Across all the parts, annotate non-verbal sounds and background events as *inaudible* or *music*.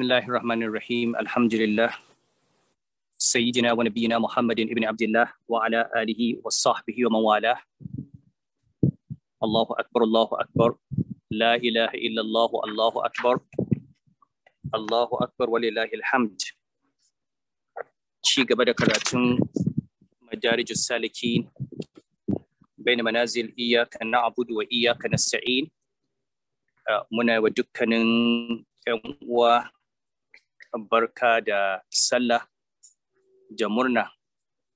بسم الله الرحمن الرحيم الحمد لله سيدنا ونبينا محمد بن عبد الله وعلى آله وصحبه ومن والاه الله أكبر الله أكبر لا إله إلا الله الله أكبر الله أكبر ولله الحمد شيء قبل كراتون مدارج السالكين بين منازل إياك نعبد وإياك نستعين muna wa dukkanin 'yan uwa barka da sallah da murna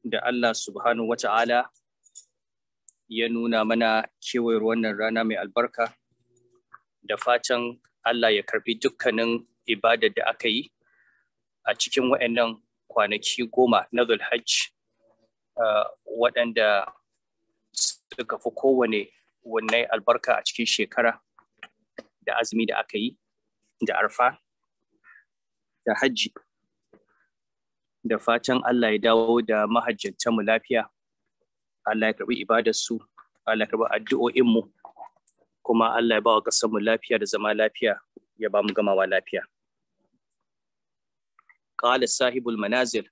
da Allah subhanahu wa ta'ala ya nuna mana kewayar wannan rana mai albarka da fatan Allah ya karbi dukkanin ibadar da aka yi a cikin waɗannan kwanaki goma na Zulhajj waɗanda suka fi kowane wannan albarka a cikin shekara da azumi da aka yi da arfa da hajji da fatan Allah ya dawo da mu lafiya Allah ya karbi ibadarsu Allah ya karɓi addu'o'inmu kuma Allah ya ba wa mu lafiya da zama lafiya ya ba mu gamawa lafiya qala sahibul manazil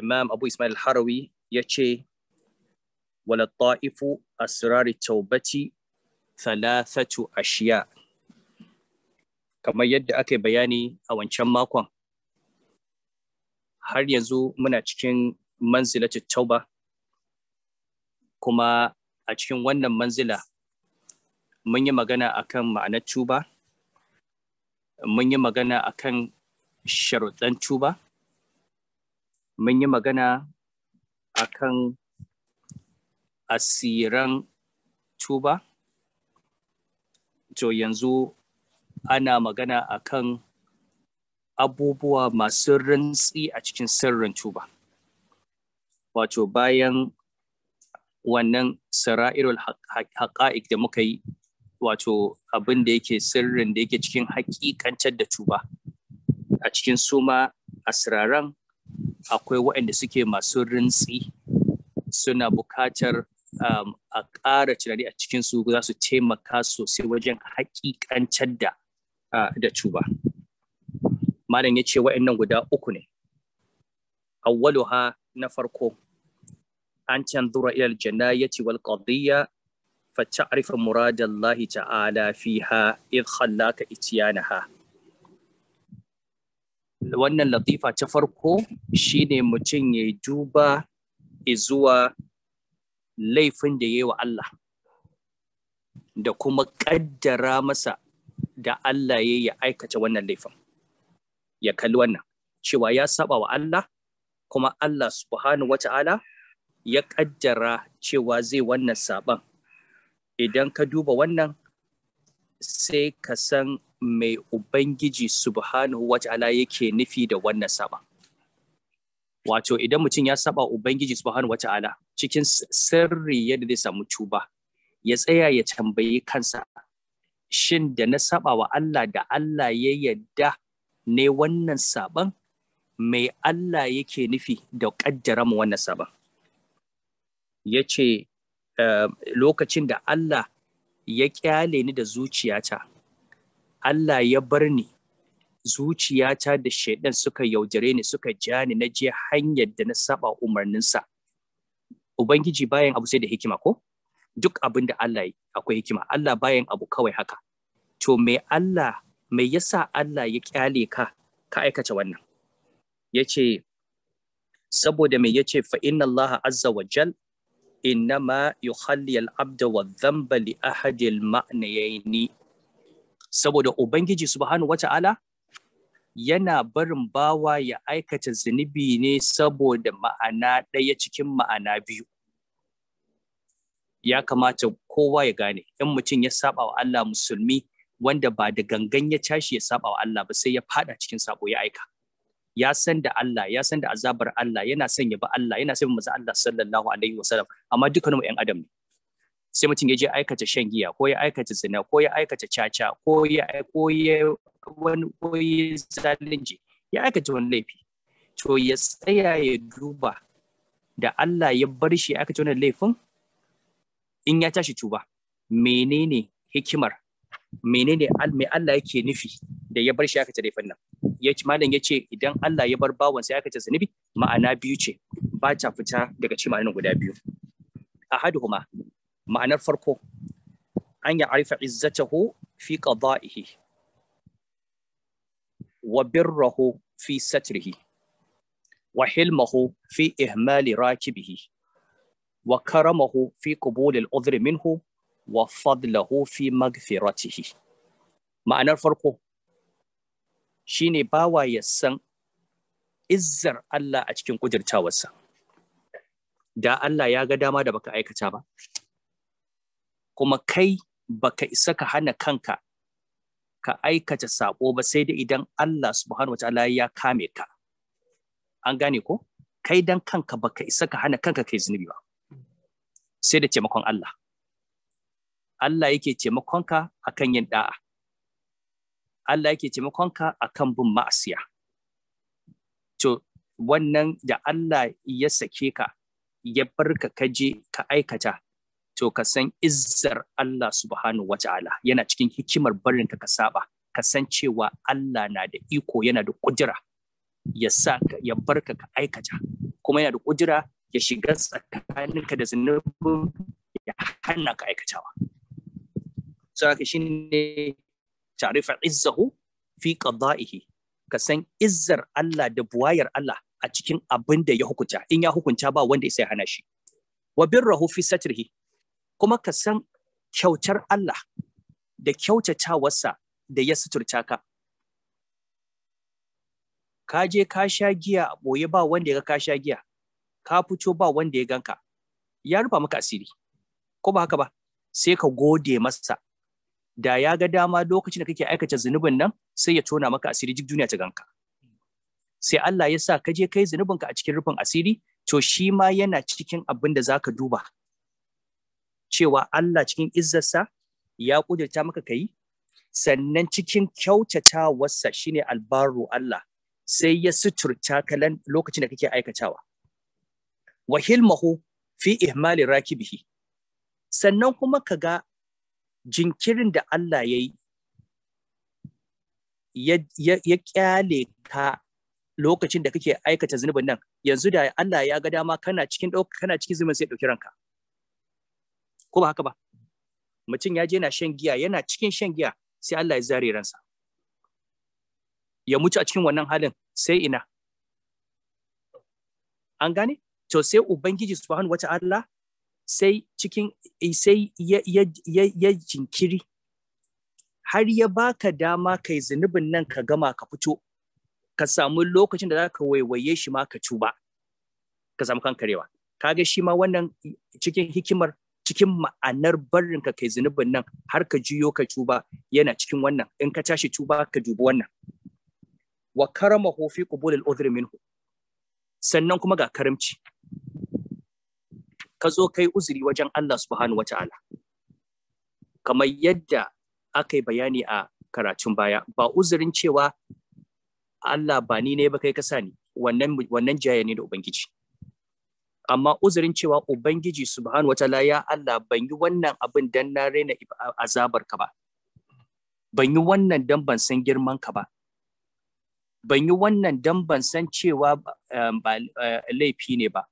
imam abu ismail harawi ya ce wala ta'ifu asrari taubati thalathatu ashiya' kamar yadda aka yi bayani a wancan makon har yanzu muna cikin manzila tauba kuma a cikin wannan manzila mun yi magana akan ma'anar tuba mun yi magana akan sharuɗan tuba mun yi magana akan asiran tuba to yanzu ana magana a kan abubuwa masu rantsi a cikin sirrin tuba. Wato bayan wannan sara'irul haƙa'ik da muka yi wato abin da yake sirrin da yake cikin haƙiƙancar da tuba. A cikin suma asiraran akwai waɗanda suke masu rintsi suna buƙatar um, a ƙara tunani a cikin su za su taimaka sosai wajen haƙiƙancar da da tuba malam ya ce wa'annan guda uku ne awwaluha na farko an zura ilal jannayati wal qadiyya fa ta'rifa muradallahi ta'ala fiha id khallaka ityanaha wannan latifa ta farko shine mutum ya duba zuwa laifin da ya yi wa Allah da kuma ƙaddara masa da Allah ya yi aikata wannan laifin ya kalli wannan cewa ya saba wa Allah kuma Allah subhanahu wata'ala ya kaddara cewa zai wannan saban idan ka duba wannan sai ka san mai ubangiji subhanahu wata'ala yake nufi da wannan saba wato idan mutum ya saba ubangiji subhanahu wata'ala cikin sirri yadda zai samu tuba ya tsaya ya tambayi kansa shin da na saba wa Allah da Allah ya yadda ne wannan saban mai Allah yake nufi da ƙaddara mu wannan saban ya ce eh, lokacin da Allah ya ƙyale ni da zuciyata Allah ya bar ni zuciyata da shaidan suka yaudare ni suka ja ni na je hanyar da na saba umarninsa Ubangiji bayan abu sai da hikima ko? duk abin da Allah yi akwai hikima Allah bayan abu kawai haka to me Allah me yasa Allah ya kyale ka ka aikata wannan yace saboda me yace fa inna Allah azza wa jal innama yukhalli al-abda wa dhanba li ahadi al-ma'nayaini saboda ubangiji subhanahu wata'ala yana barin bawa ya aikata zunubi ne saboda ma'ana ɗaya cikin ma'ana biyu ya kamata kowa ya gane in mutum ya saba wa Allah musulmi wanda ba da gangan ya tashi ya saba wa Allah ba sai ya fada cikin sabo ya aika ya san da Allah ya san da azabar Allah yana son ya ba Allah yana son manzo Allah sallallahu alaihi wasallam amma dukkan mu ƴan adam ne sai mutum ya je aikata shan giya ko ya aikata zina ko ya aikata caca ko ya ko ya wani ko ya zalunci ya aikata wani laifi to ya tsaya ya duba da Allah ya bar shi ya aikata wani laifin in ya tashi tuba menene hikimar menene mai Allah yake nufi da ya bar shi aka tare fannin ya ci malam ya ce idan Allah ya bar bawan sai aka ce zunubi ma'ana biyu ce ba ta fita daga cikin ma'anar guda biyu ahaduhuma ma'anar farko an ya arifa izzatahu fi qada'ihi wa birrahu fi satrihi wa hilmahu fi ihmali rakibihi wa karamahu fi qubulil udhri minhu wa fadlahu fi magfiratihi ma'anar farko shine bawa ya san izzar Allah a cikin kujirtawarsa da Allah ya ga dama da baka aikata ba kuma kai baka isa ka hana kanka ka aikata sabo ba sai da idan Allah subhanahu wataala ya kame ka an gane ko kai dan kanka baka isa ka hana kanka kai zunubi ba sai da taimakon Allah Allah yake taimakonka kan yin ɗa'a, Allah yake taimakonka akan bin ma'asiya to wannan da Allah ya sake ka ya barka ka je ka aikata to ka san izzar Allah subhanahu wa ta'ala yana cikin hikimar barin ka ka saba ka san cewa Allah na da iko yana da ƙudura, ya sa ya barka ka aikata kuma yana da ƙudura ya shiga tsakaninka da zunubin ya hana ka aikatawa saboda shi ne ta'rifar izzahu fi qada'ihi ka san izzar Allah da buwayar Allah a cikin abin da ya hukunta in ya hukunta ba wanda ya sai hana shi wa birrahu fi satrihi kuma ka san kyautar Allah da kyautatawarsa da ya suturta ka ka je ka sha giya boye ba wanda ya ga ka sha giya ka fito ba wanda ya ganka ya rufa maka asiri ko ba haka ba sai ka gode masa da ya ga dama lokacin da kake aikata zunubin nan sai ya tona maka asiri duk duniya ta ganka sai Allah ya sa ka je kai zunubinka a cikin rufin asiri to shi ma yana cikin abin da zaka duba cewa Allah cikin izzarsa ya kudurta maka kai sannan cikin kyautatawarsa shine albaru Allah sai ya suturta ka lokacin da kake aikatawa wa hilmahu fi ihmali rakibihi sannan kuma ka ga jinkirin da Allah ya ya kyale ka lokacin da kake aikata zunubin nan yanzu da Allah ya ga dama kana cikin kana cikin zunubin sai dauki ranka ko ba haka ba mutum ya je yana shan giya yana cikin shan giya sai Allah ya zare ransa ya mutu a cikin wannan halin sai ina an gane to sai ubangiji subhanahu ta'ala sai cikin eh, sai ya jinkiri har ya baka dama kai zunubin nan ka gama ka fito ka samu lokacin da za ka waiwaye shi ma ka cuba ka samu kaga shi ma wannan cikin hikimar cikin ma'anar barin ka kai zunubin nan har ka juyo ka cuba yana cikin wannan in ka tashi tuba ka dubi wannan wa karamahu fi qubulil udhri minhu sannan kuma ga karamci ka zo kai uzuri wajen Allah subhanahu Ta'ala kamar yadda aka yi bayani a karatun baya ba uzurin cewa Allah ba ni ne ba kai ka sani wannan wannan jaya ne da ubangiji amma uzurin cewa ubangiji subhanahu Ta'ala, ya Allah ban yi wannan abin dan na raina azabar ka ba ban yi wannan dan ban san girman ka ba ban yi wannan dan ban san cewa eh, eh, laifi ne ba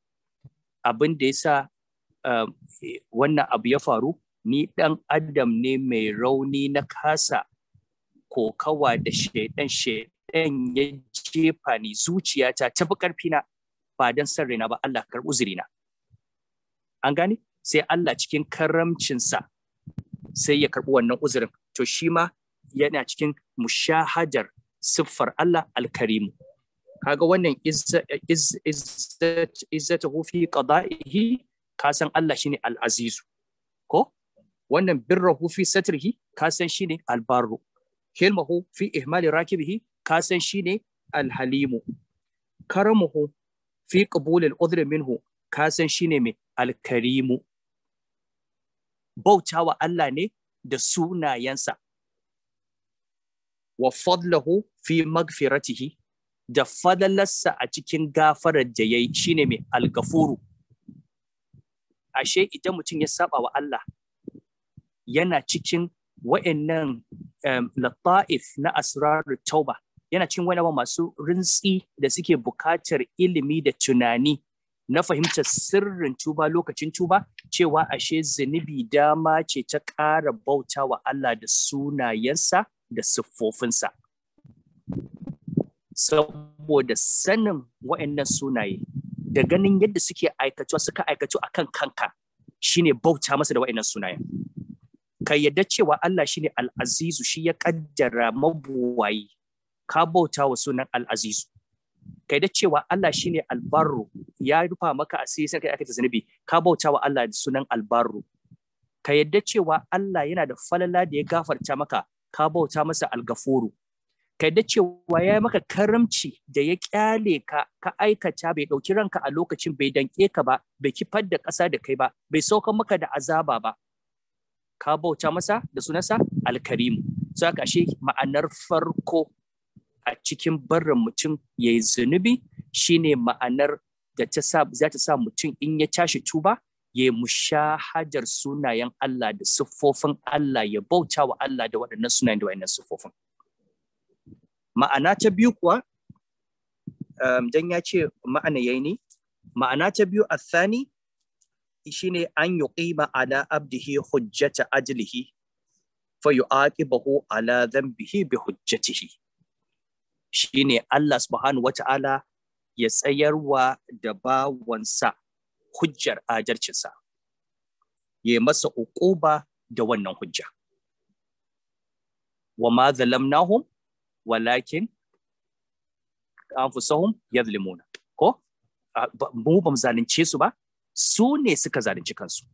abin da ya sa eh, wannan abu ya faru ni ɗan adam ne mai rauni na kasa kokawa da shaidan shaidan ya jefa ni zuciyata ta fi ƙarfina ba don san raina ba Allah karɓi uzurina an gane sai Allah cikin karamcinsa sai ya karɓi wannan uzurin to shi ma yana cikin mushahadar siffar Allah alkarimu kaga wannan izzatuhu fi qada'ihi ka san Allah shine al-azizu ko wannan birrahu fi satrihi ka san shine al-barru hilmahu fi ihmali rakibihi ka san shine al-halimu karamuhu fi qabul al-udhr minhu ka san shine mai al-karimu bautawa Allah ne da sunayensa wa fadlahu fi magfiratihi da fadalarsa a cikin gafarar da ya yi shine mai algafuru ashe idan mutum ya saba wa Allah yana cikin wa'annan lata'if na asrarul tauba yana cikin wani masu rintsi da suke buƙatar ilimi da tunani na fahimtar sirrin tuba lokacin tuba cewa ashe zunubi dama ce ta ƙara bauta wa Allah da sunayensa da siffofinsa. saboda sanin waɗannan sunaye da ganin yadda suke aikacewa suka a kan kanka shine bauta masa da waɗannan sunaye. ka yadda cewa Allah shine al'azizu shi ya ƙaddara mabuwayi ka bauta wa sunan al'azizu ka yadda cewa Allah shine albarru ya rufa maka a sai sai aikata zunubi ka bauta wa Allah da sunan albarru ka yadda cewa Allah yana da falala da ya gafarta maka ka bauta masa algafuru ka yadda cewa ya maka karamci da ya kyale ka ka aikata bai ɗauki ranka a lokacin bai danke ka ba bai kifar da ƙasa da kai ba bai sauka maka da azaba ba ka bauta masa da sunansa alkarimu so haka shi ma'anar farko a cikin barin mutum ya yi zunubi shine ma'anar da ta sa za ta sa mutum in ya tashi tuba ya yi shahajar sunayen Allah da siffofin Allah ya bauta wa Allah da waɗannan sunayen da waɗannan siffofin. ma'ana ta biyu kuwa um, dan ya ce ma'ana yayi ne ma'ana ta biyu athani shine an yuqima ala abdihi hujjata ajlihi fa yu'aqibahu ala dhanbihi bi hujjatihi shine Allah subhanahu wata'ala ya tsayarwa da bawansa hujjar ajarcinsa ya masa uƙuba da wannan hujja wa ma zalamnahum walakin anfusahum yadlimuna ko mu bamu zalunce su ba su ne suka zalunci kansu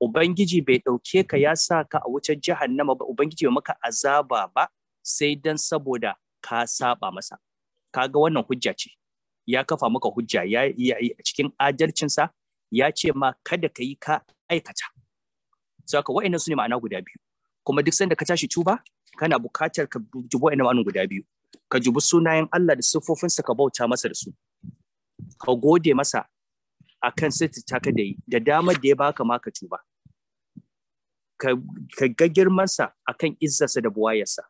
ubangiji bai dauke ka ya sa ka a wucin jahannama ba ubangiji bai maka azaba ba sai dan saboda ka saba masa kaga wannan hujja ce ya kafa maka hujja ya, cikin adalcinsa ya ce ma kada ka yi ka aikata saka wa'annan su ne ma'ana guda biyu kuma duk sanda ka tashi tuba kana bukatar ka jubo ina ma'anin guda biyu ka jubi sunayen Allah da siffofinsa ka bauta masa da su ka gode masa a kan sitita ka da yi da damar da ya baka ma ka tuba ka ga girmansa kan izzarsa da buwayarsa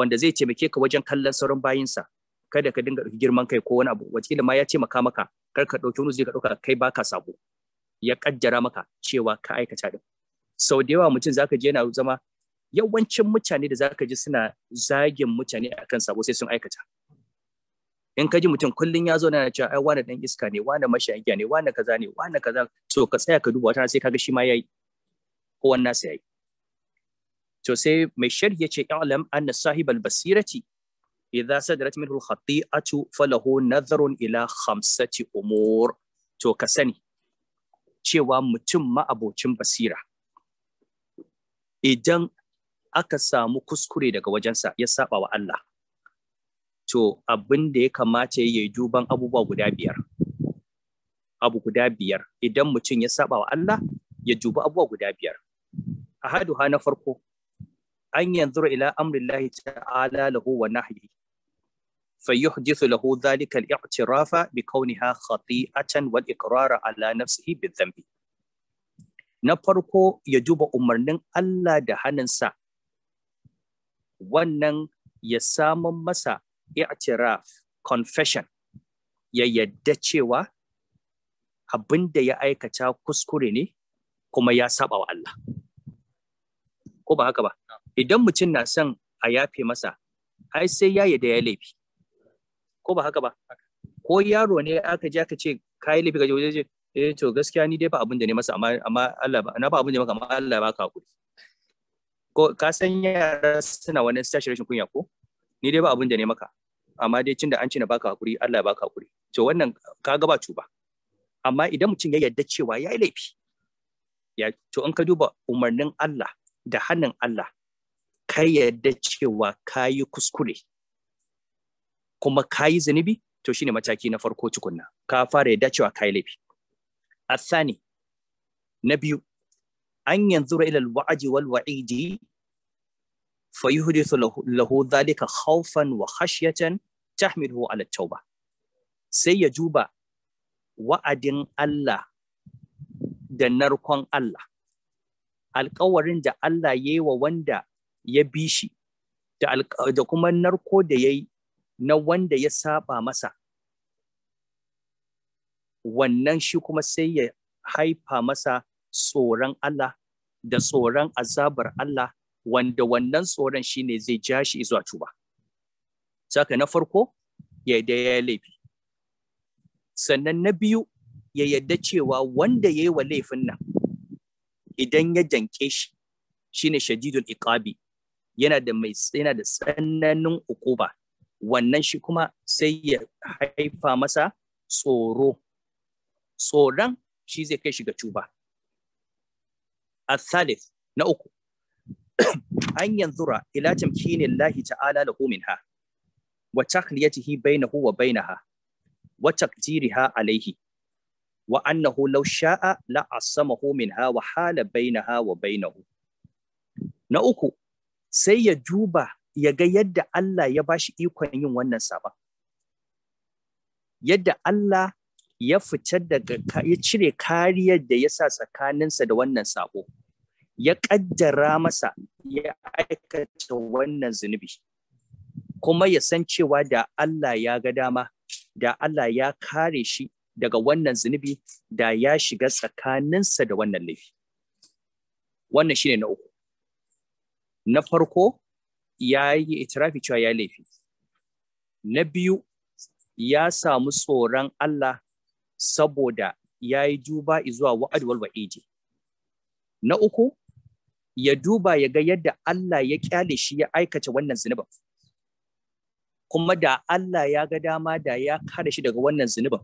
wanda zai taimake ka wajen kallon sauran bayinsa kada ka dinga ɗauki girman kai ko wani abu wataƙila ma ya ce maka maka kar ka ɗauki wani zai ka ɗauka kai baka sabo ya ƙaddara maka cewa ka aikata din sau da yawa mutum zaka je yana zama yawancin mutane da zaka ji suna zagin mutane akan sabo sai sun aikata in ka ji mutum kullun ya zo na cewa ai wani dan iska ne wani mashayi ne wani kaza ne wani kaza to ka tsaya ka duba wata sai kaga shi ma yayi ko wannan sai yayi to sai mai sharhi yace i'lam anna sahibal basirati idza sadarat minhu al-khati'atu falahu nadharun ila khamsati umur to ka sani cewa mutum ma'abocin basira idan aka samu kuskure daga wajensa ya saba wa Allah to abin da ya kamata ya yi duban abubuwa guda biyar abu guda biyar idan mutum ya saba wa Allah ya dubi abubuwa guda biyar ahaduha na farko an yanzu ila amrillahi ta'ala lahu wa nahyi فيحدث له ذلك الاعتراف بكونها خطيئة والإقرار على bi بالذنب na farko ya duba umarnin Allah da hannunsa wannan ya samun masa i'tiraf confession ya yadda cewa abin da ya aikata kuskure ne kuma ya saba wa Allah. Ko ba haka ba? Idan mutum na son a yafe masa, ai sai ya yadda ya laifi. Ko ba haka ba? Ko yaro ne aka je aka ce ka laifi ka je waje eh to gaskiya ni dai ba abin da ne masa amma Allah ba na ba abin da maka amma Allah ba ka hakuri. ko ka san yara suna wani sashi rashin kunya ko ni dai ba abin da ne maka amma dai cin da an ce na baka hakuri Allah ya baka hakuri to wannan ka ga ba cuba amma idan mutum ya yarda cewa ya laifi ya to in ka duba umarnin Allah da hannun Allah ka yarda cewa ka kuskure kuma ka yi zunubi to shine mataki na farko tukunna ka fara yarda cewa ka laifi asani na biyu an yanzura ila al-wa'di wal wa'idi fayuhdithu lahu dhalika khawfan wa khashyatan tahmiluhu ala tauba sai ya juba wa'adin Allah da narkon Allah alkawarin da Allah ya yi wa wanda ya bi shi da kuma narko da ya yi na wanda ya saɓa masa wannan shi kuma sai ya haifa masa tsoron Allah da tsoron azabar Allah wanda wannan tsoron shi ne zai ja shi zuwa tuba. Saka na farko ya da ya laifi. Sannan na biyu ya yadda cewa wanda ya yi wa laifin nan idan ya danke shi shi ne shadidul iqabi yana da mai tsina da tsananin ukuba wannan shi kuma sai ya haifa masa tsoro tsoron shi zai kai shi ga tuba الثالث نأكو أن ينظر إلى تمكين الله تعالى له منها وتخليته بينه وبينها وتقديرها عليه وأنه لو شاء لعصمه منها وحال بينها وبينه نأكو سيجوبه ya ga yadda Allah ya bashi ikon yin wannan saba. Yadda Allah ya fita daga ya cire kariyar da ya sa tsakaninsa da wannan sabo. ya ƙaddara masa ya aikata wannan zunubi kuma ya san cewa da Allah ya ga dama da Allah ya kare shi daga wannan zunubi da ya shiga tsakaninsa da wannan laifi wannan shine na uku na farko ya yi itirafi cewa ya laifi na biyu ya samu tsoron Allah saboda ya yi duba zuwa wa'ad wal na uku ya duba ya ga yadda Allah ya kyale shi ya aikata wannan zunubin kuma da Allah ya ga dama da ya kare shi daga wannan zunubin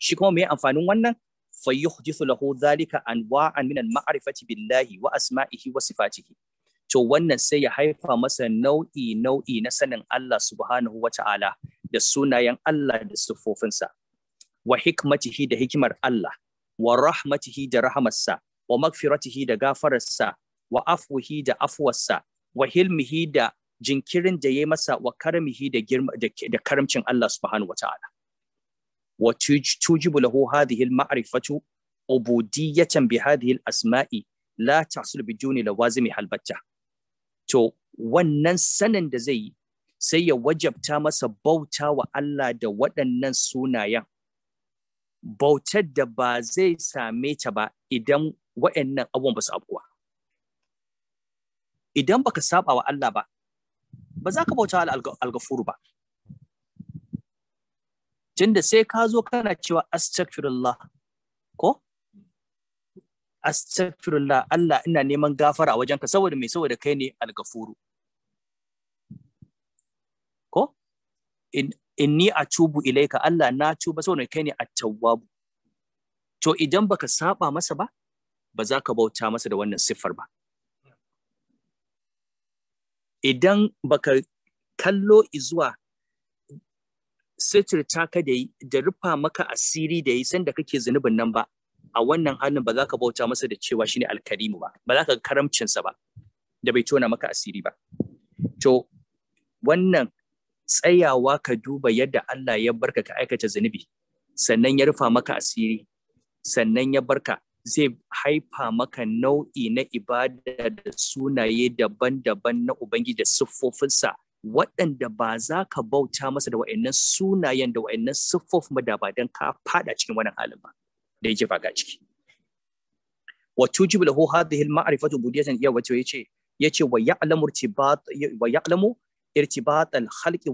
shi kuma mai amfanin wannan fa yuhdithu lahu dhalika wa'an min al-ma'rifati billahi wa asma'ihi wa sifatihi to wannan sai ya haifa masa nau'i nau'i na sanin Allah subhanahu wa ta'ala da sunayen Allah da siffofinsa wa hikmatihi da hikimar Allah wa rahmatihi da rahamarsa wa magfiratihi da gafararsa wa afuhi da afwarsa wa hilmihi da jinkirin da ya masa wa karamihi da girma da karamcin Allah subhanahu wataala wa tujibu lahu hadhihi al-ma'rifatu ubudiyatan bi hadhihi al-asma'i la tahsul bijuni lawazimi halbatta to wannan sanin da zai yi sai ya wajabta masa bauta wa Allah da waɗannan sunayen bautar da ba zai same ta ba idan waɗannan abubuwan ba su abkuwa idan baka saba wa Allah ba ba za ka bauta al ghafur ba tunda sai ka zo kana cewa astaghfirullah ko astaghfirullah Allah ina neman gafara a wajenka saboda me saboda kai ne al ghafur ko in inni atubu ilaika Allah na tuba saboda kai ne at-tawwab to idan baka saba masa ba ba za ka bauta masa da wannan siffar ba idan baka kallo izuwa ta ka da da rufa maka asiri da yi sanda kake zunubin nan ba a wannan halin ba za ka bauta masa da cewa shine alkarimu ba ba za ka karamcinsa ba da bai tona maka asiri ba to wannan tsayawa ka duba yadda Allah ya barka ka aikata zunubi sannan ya rufa maka asiri sannan ya barka zai haifa maka nau'i na ibada da sunaye daban-daban na Ubangiji da siffofinsa waɗanda ba za ka bauta masa da wa'annan sunayen da wa'annan siffofin ba da ba don ka fada cikin wannan halin ba da yake faga ciki. Wa tujibu lahu hadhihi al-ma'rifatu budiyatan iya wato yace yace wa ya'lamu irtibat wa ya'lamu irtibat al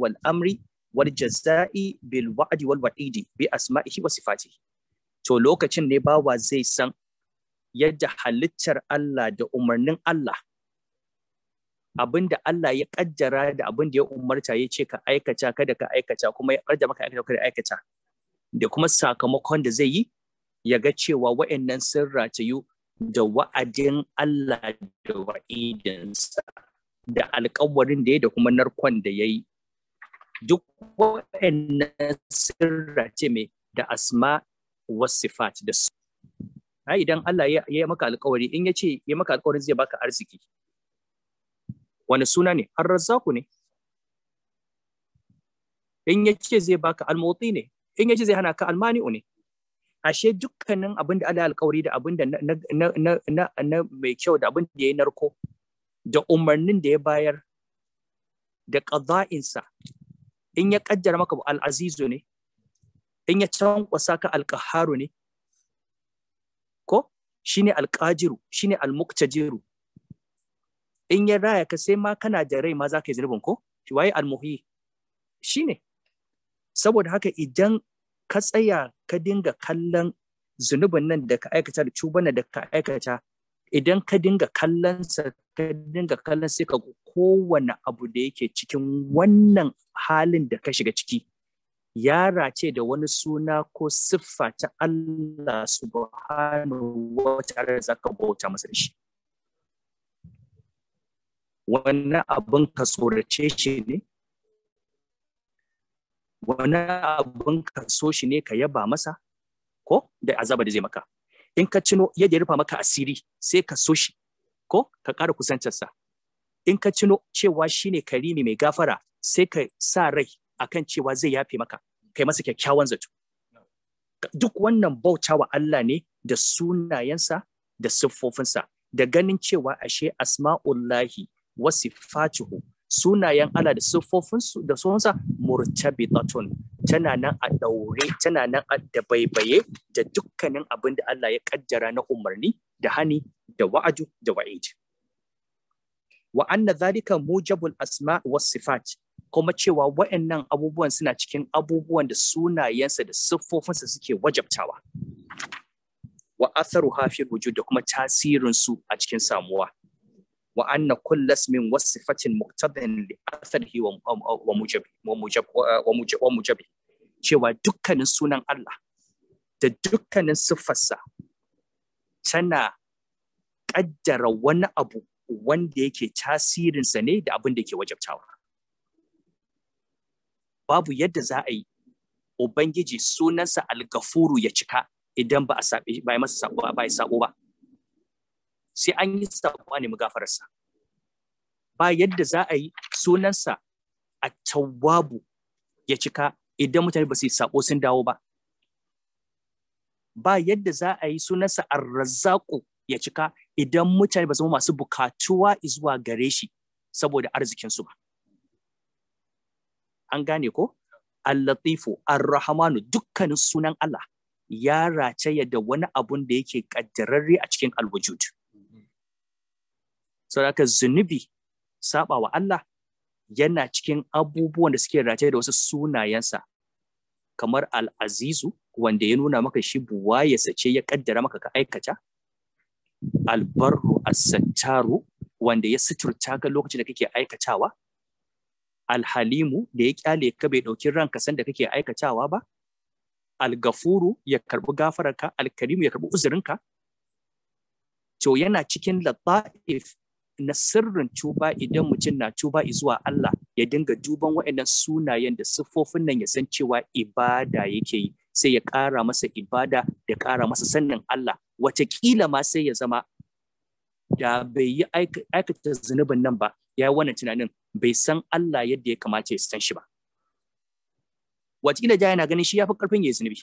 wal amri wal jaza'i bil wa'di wal wa'idi bi asma'ihi wa sifatihi. To lokacin ne bawa zai san yadda halittar Allah da umarnin Allah abin da Allah ya ƙaddara da abin da ya umarta ya ce ka aikata kada ka aikata kuma ya kaddara maka aikata kada aikata da kuma sakamakon da zai yi ya ga cewa wa'annan sun ratayu da wa'adin Allah da wa'idinsa da alƙawarin da ya da kuma narkon da ya yi duk wa'annan sun race mai da asma wasifat da su ai idan Allah ya yi maka alƙawari in ya ce ya maka alƙawarin zai baka arziki wani suna ne har razzaku ne in ya ce zai baka almoti ne in ya ce zai hana ka almani ne ashe dukkanin abin da Allah alƙawari da abin da na mai kyau da abin da ya yi narko da umarnin da ya bayar da ƙaza'insa in ya kaddara maka al'azizu ne in ya cankwasa ka alƙaharu ne ko shine alqajiru shine almuktajiru in ya raya ka sai ma kana da rai ma za ka yi zunubin ko waye almuhi shine saboda haka idan ka tsaya ka dinga kallon zunubin nan da ka aikata da nan da ka aikata idan ka dinga kallonsa ka dinga kallon sai ka kowane abu da yake cikin wannan halin da ka shiga ciki Yara ce da wani suna ko siffa ta Allah subhanahu wa ta'ala da zaka bauta masa shi wani abin ka tsorace shi ne wani abin ka so shi ne ka yaba masa ko da azaba da zai maka in ka cino yadda ya rufa maka asiri sai ka so shi ko ka ƙara kusancinsa? in ka cino cewa shine karimi mai gafara sai ka sa rai akan cewa zai yafe maka kai masa kyakkyawan zato duk wannan bauta wa Allah ne da sunayensa da siffofinsa da ganin cewa ashe asma'ullahi wa sifatuhu sunayen Allah da siffofinsu da sunansa murtabitatun tana nan a daure tana nan a dabaibaye da dukkanin abin da Allah ya kaddara na umarni da hani da wa'adu da wa'id wa anna dhalika mujabul asma was sifat kuma cewa waɗannan abubuwan suna cikin abubuwan da sunayensa da siffofinsa suke wajabtawa wa atharu hafi wujud da kuma tasirinsu a cikin samuwa wa anna kullas min wasifatin muqtadin li atharihi wa wa mujabi cewa dukkanin sunan Allah da dukkanin siffarsa tana ƙaddara wani abu wanda yake tasirinsa ne da abin da ke wajabtawa babu yadda za a yi ubangiji sunansa algafuru ya cika idan ba a sabe ba ya masa sako ba ya sako ba sai an yi sako ne mu gafararsa ba yadda za a yi sunansa a tawabu ya cika idan mutane ba su yi sako sun dawo ba ba yadda za a yi sunansa arrazzaku ya cika idan mutane ba zama masu bukatuwa zuwa gare shi saboda arzikinsu ba an gane ko al-latifu ar-rahmanu dukkanin sunan Allah ya rataya da wani abun da yake kaddararre a cikin al-wujud zunubi saba wa Allah yana cikin abubuwan da suke rataye da wasu sunayensa kamar al-azizu wanda ya nuna maka shi buwa ya sace ya ƙaddara maka ka aikata albarru as-sattaru wanda ya suturta ka lokacin da kake aikatawa alhalimu da ya kyale ka bai ɗauki ranka sanda kake aikatawa ba algafuru ya karbi gafararka alkarimu ya karbi uzurinka to yana cikin lata'if na sirrin tuba idan mutum na tuba zuwa Allah ya dinga duban waɗannan sunayen da siffofin nan ya san cewa ibada yake yi sai ya ƙara masa ibada da ƙara masa sannin Allah wataƙila ma sai ya zama da bai yi aikata zunubin nan ba ya yi wannan tunanin bai san Allah yadda ya kamace ya san shi ba wataƙila ja yana ganin shi ya fi ƙarfin ya yi zunubi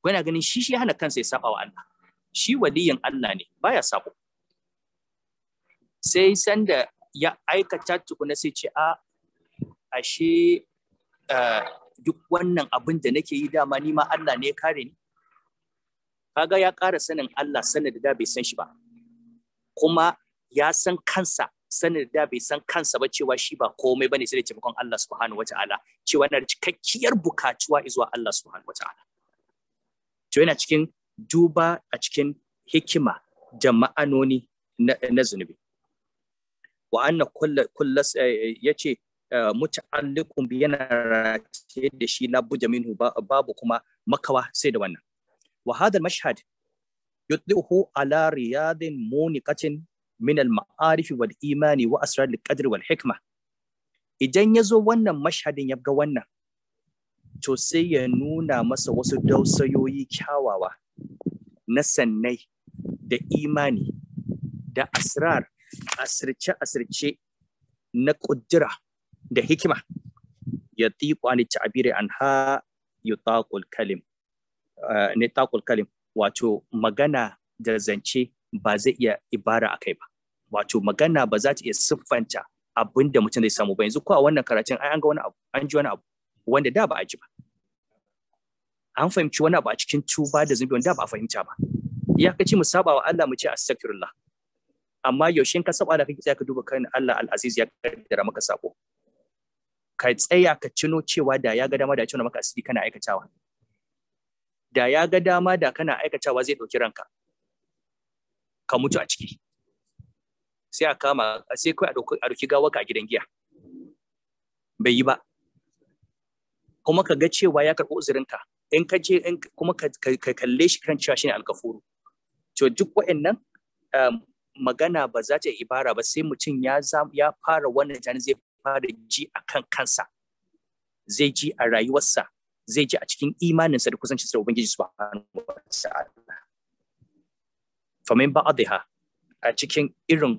ko yana ganin shi shi ya hana kansa ya saba wa Allah shi waliyin Allah ne ba ya sabo sai sanda ya aikata tukuna sai ce a ashe duk wannan abin da nake yi dama ni ma Allah ne ya kare ni kaga ya ƙara sanin Allah sanin da bai san shi ba kuma ya san kansa sanin da bai san kansa ba cewa shi ba komai bane sai da taimakon Allah subhanahu wataala cewa yana da cikakkiyar bukatuwa zuwa Allah subhanahu wataala to yana cikin duba a cikin hikima da ma'anoni na zunubi wa anna ce eh, yace eh, muta'alliqun bi yana rataye da shi la budda minhu babu kuma makawa sai da wannan wa hadha al-mashhad yudlihu ala riyadin muniqatin min al wal imani wa asrar al wal hikma idan ya zo wannan mashadin ya ga wannan to sai ya nuna masa wasu dausayoyi kyawawa na sannai da imani da asrar asirce-asirce na ƙudura da hikima ya tiƙo ni an ha yi eh, kalim wato magana da zance ba zai iya ibara akai ba wato magana ba za ta iya siffanta abin da mutum zai samu ba yanzu kuwa wannan karatun an ga wani abu an ji wani abu wanda da ba a ji ba an fahimci wani abu a cikin tuba da zunubi wanda ba a fahimta ba Ya kace mu saba wa Allah mu ce astaghfirullah amma yaushe ka saba da kake tsaya ka duba kan Allah al-aziz ya kaddara maka sako ka tsaya ka cino cewa da ya ga dama da ya maka asiri kana aikatawa da ya ga dama da kana aikatawa zai dauki ranka ka mutu a ciki sai a kama sai kai a dauki gawaka a gidan giya bai yi ba kuma ka ga cewa ya karɓi uzurinka in ka je kuma ka kalle shi kan cewa shine alkafuru to duk wa'annan um, magana ba za ta ibara ba sai mutum ya ya fara wannan tani zai fara ji a kan kansa zai ji a rayuwarsa zai ji a cikin imaninsa da kusancin sa ubangiji subhanahu wa ta'ala famin ba'dha a cikin irin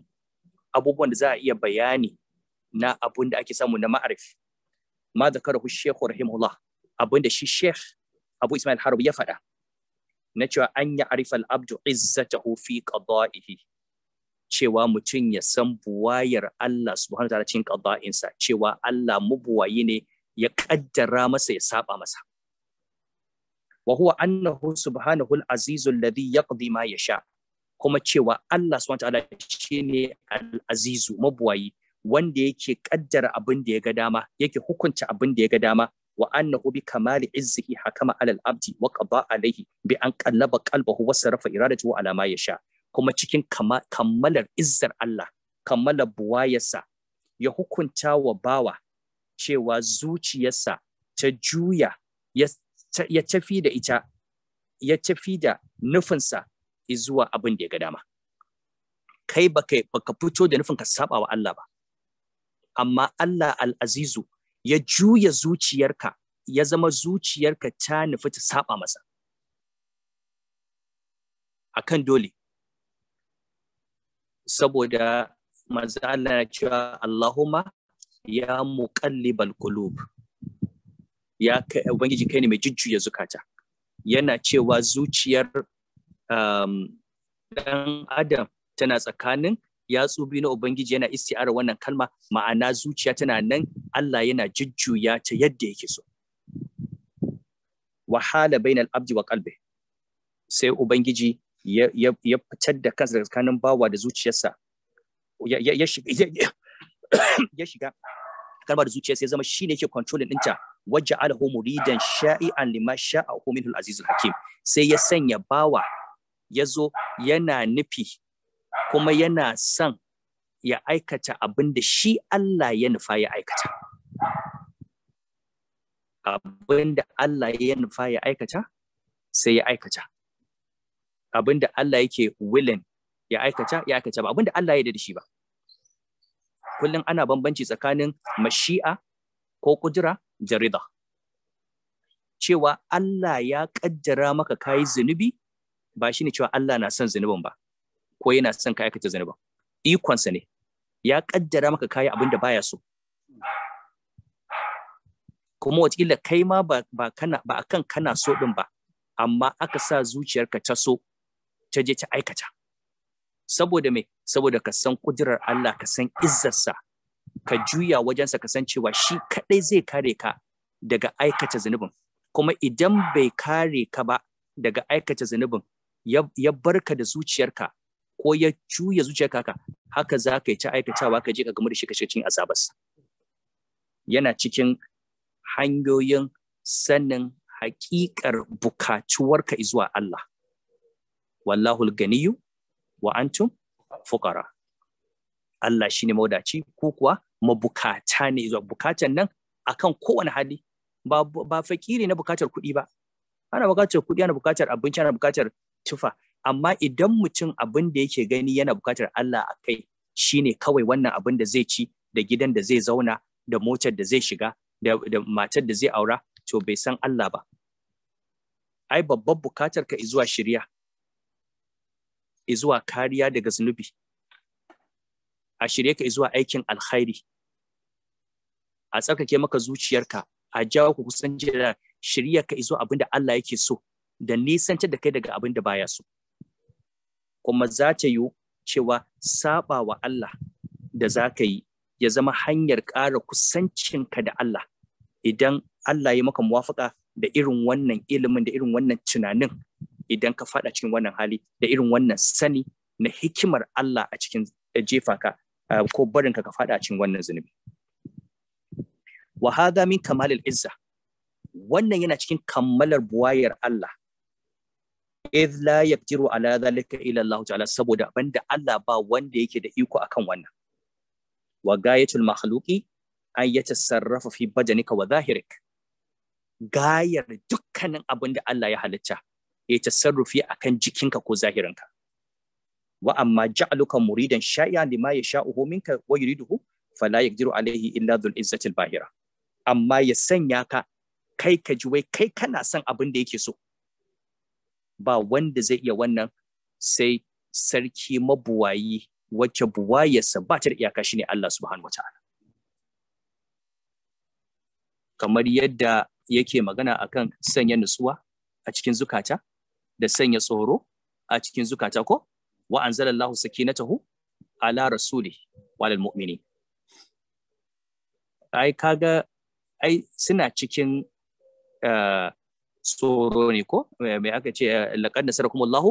abubuwan da za a iya bayani na abun da ake samu na ma'arif ma zakarahu shekhu rahimahullah abun da shi shekh abu ismail harab ya faɗa na cewa an ya arifal abdu izzatahu fi qada'ihi cewa mutum ya san buwayar Allah subhanahu ta'ala cikin sa. cewa Allah mubuwayi ne ya kaddara masa ya saba masa wa huwa annahu subhanahu al-aziz alladhi yaqdi ma yasha kuma cewa Allah subhanahu wataala ne al mabuwayi wanda yake kaddara abin da ya ga dama yake hukunta abin da ya ga dama wa annahu bi kamali izzihi hakama alal abdi wa qada alaihi bi an qallaba qalbahu wa sarafa iradatuhu alama ya sha. kuma cikin kammalar izzar Allah kammalar buwayarsa ya hukunta wa bawa cewa zuciyarsa ta juya ya tafi da ita ya tafi da nufinsa zuwa abin da ya ga dama kai baka baka fito da nufin ka saba wa Allah ba amma Allah Al'azizu ya juya zuciyarka ya zama zuciyarka ta nufi ta saba masa akan dole saboda manzo na cewa Allahumma ya muqallibal qulub ya ubangiji kai ne mai jujjuya zukata yana cewa zuciyar Um, dan adam tana tsakanin yatsu biyu na ubangiji yana isti'ara wannan kalma ma'ana zuciya tana nan Allah yana jujjuya ta yadda yake so wahala bainal abdi wa qalbi sai ubangiji ya fitar da kansa daga tsakanin bawa da zuciyarsa *coughs* ya shiga kalma da zuciyarsa ya zama shine yake controlling ɗinta waja'alahu muridan sha'i'an lima sha'a hu al-azizul hakim sai ya sanya bawa ya zo yana nufi kuma yana son ya aikata abin da shi Allah ya nufa ya aikata. Abin da Allah ya nufa ya aikata, sai ya aikata. Abin da Allah yake willing ya aikata, ya aikata ba abin da Allah ya da shi ba. Kullum ana bambanci tsakanin mashi'a ko kudura da rida. Cewa Allah ya ƙaddara maka kayi zunubi ba shi ne cewa Allah na son zunubin ba ko yana son ka aikata zunubin ikonsa ne ya ƙaddara maka kayi abin da baya so kuma wataƙila kai ma ba, a kan kana so ɗin ba amma aka sa zuciyarka ta so ta je ta aikata saboda me saboda ka san kudurar Allah ka san izzarsa ka juya wajensa ka san cewa shi kaɗai zai kare ka daga aikata zunubin kuma idan bai kare ka ba daga aikata zunubin ya barka da zuciyarka ko ya juya zuciyarka haka haka za ka yi ta aikatawa ka je ka gama da shi ka cikin azabarsa yana cikin hanyoyin sanin haƙiƙar bukatuwarka zuwa Allah wallahul ganiyu wa antum fuqara Allah shine maudaci ko kuwa mabukata ne zuwa Bukatar nan akan kowane hali ba ba fakiri na bukatar kuɗi ba ana bukatar kuɗi ana bukatar abinci ana bukatar tufa amma idan mutum abin da yake gani yana bukatar Allah a kai shine kawai wannan abin da zai ci da gidan da zai zauna da motar da zai shiga da, matar da zai aura to bai san Allah ba ai babbar bukatar ka zuwa shirya zuwa kariya daga zunubi a shirye ka zuwa aikin alkhairi a tsarkake maka zuciyarka a jawo ku kusan da shirya ka zuwa abin da Allah yake so da nisan da kai daga abin da baya so kuma za ta yi cewa saba wa Allah da za ka yi ya zama hanyar ƙara kusancinka da Allah idan Allah ya maka muwafaka da irin wannan ilimin da irin wannan tunanin idan ka faɗa cikin wannan hali da irin wannan sani na hikimar Allah a cikin jefa ka ko barin ka ka faɗa cikin wannan zunubi wa hadha min kamalil izza wannan yana cikin kammalar buwayar Allah idh la yaqdiru ala dhalika illa Allah ta'ala saboda banda Allah ba wanda yake da iko akan wannan wa gayatul makhluqi an ta yatasarrafa fi badanika wa zahirik gayar dukkanin abin da Allah ya halitta ya tasarrufi akan jikinka ko zahirinka wa amma ja'aluka muridan ya lima yasha'uhu minka wa yuriduhu fala yaqdiru alaihi illa dhul izzati bahira amma ya sanya ka kai ka ji wai kai kana son abin da yake so ba wanda zai iya wannan sai sarki mabuwayi wacce buwayarsa ba ta da iyaka shi ne Allah subhanahu wataala kamar yadda yake magana akan sanya nutsuwa a cikin zukata da sanya tsoro a cikin zukata ko wa anzalallahu sakinatahu ala rasuli wal lil mu'minin ai kaga ai suna cikin uh, tsoro ne ko me aka ce eh, laqad nasarakumullahu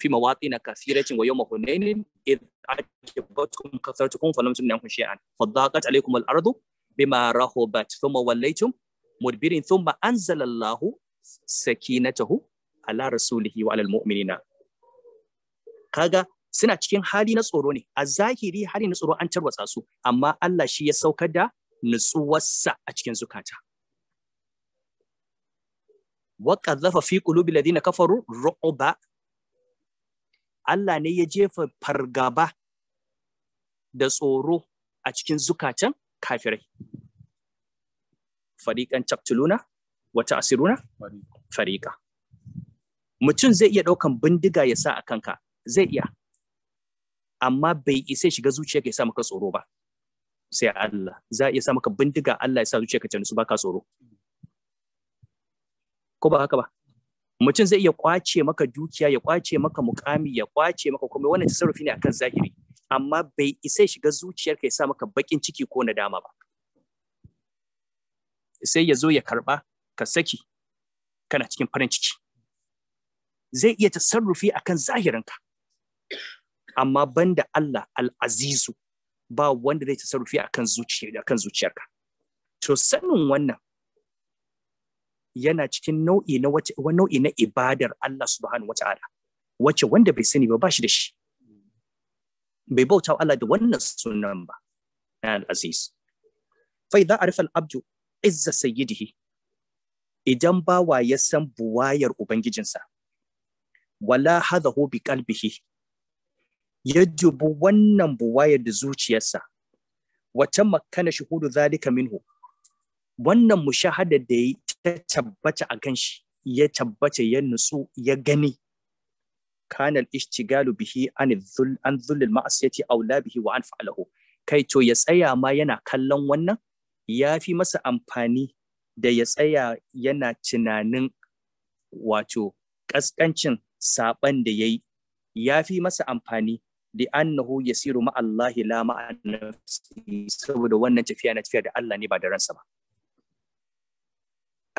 fi mawatin kathiratin wa yawma hunainin id ajabatkum kathratukum falam tumnankum shay'an fadaqat alaykum al-ardu bima rahubat thumma wallaytum mudbirin thumma anzala Allahu sakinatahu ala rasulihi wa ala al-mu'minina kaga suna cikin hali na tsoro ne a zahiri hali na tsoro an tarwatsa su amma Allah shi ya saukar da nutsuwarsa a cikin zukata wa qadhafa fi qulubi alladhina kafaru ru'ba Allah ne ya jefa fargaba da tsoro a cikin zukatan kafirai fariqan taqtuluna wa ta'siruna fariqa mutum zai iya ɗaukan bindiga ya sa a kanka zai iya amma bai isa shiga zuciya ka ya sa maka tsoro ba sai Allah za a iya sa maka bindiga Allah ya sa zuciya ka su ba ka tsoro ko ba haka ba mutum zai iya kwace maka dukiya ya kwace maka mukami ya kwace maka komai wannan tasarrufi ne akan zahiri amma bai isa shiga zuciyarka ya sa maka bakin ciki ko nadama ba sai ya zo ya karba ka saki kana cikin farin ciki zai iya tasarrufi akan zahirinka amma banda Allah Al'azizu ba wanda zai tasarrufi akan zuciyarka to sanin wannan yana cikin nau'i na wace nau'i na ibadar Allah subhanahu wata'ala wacce wanda bai sani ba ba shi da shi bai bauta Allah da wannan sunan ba na aziz fa idza arifa al-abdu izza sayyidihi idan bawa ya san buwayar ubangijinsa wala hadahu bi qalbihi yajibu wannan buwayar da zuciyarsa wata makana shuhudu zalika minhu wannan mushahada da yi ta tabbata a kan shi ya tabbata ya nutsu ya gani Kanal ishtigalu bihi an dhul an dhul al-ma'siyati bihi wa an fa'alahu kai to ya tsaya ma yana kallon wannan ya fi masa amfani da ya tsaya yana tunanin wato kaskancin saɓan da yayi yi ya fi masa amfani da annahu ya ma'allahi la saboda wannan tafiya na tafiya da Allah ne ba da ransa ba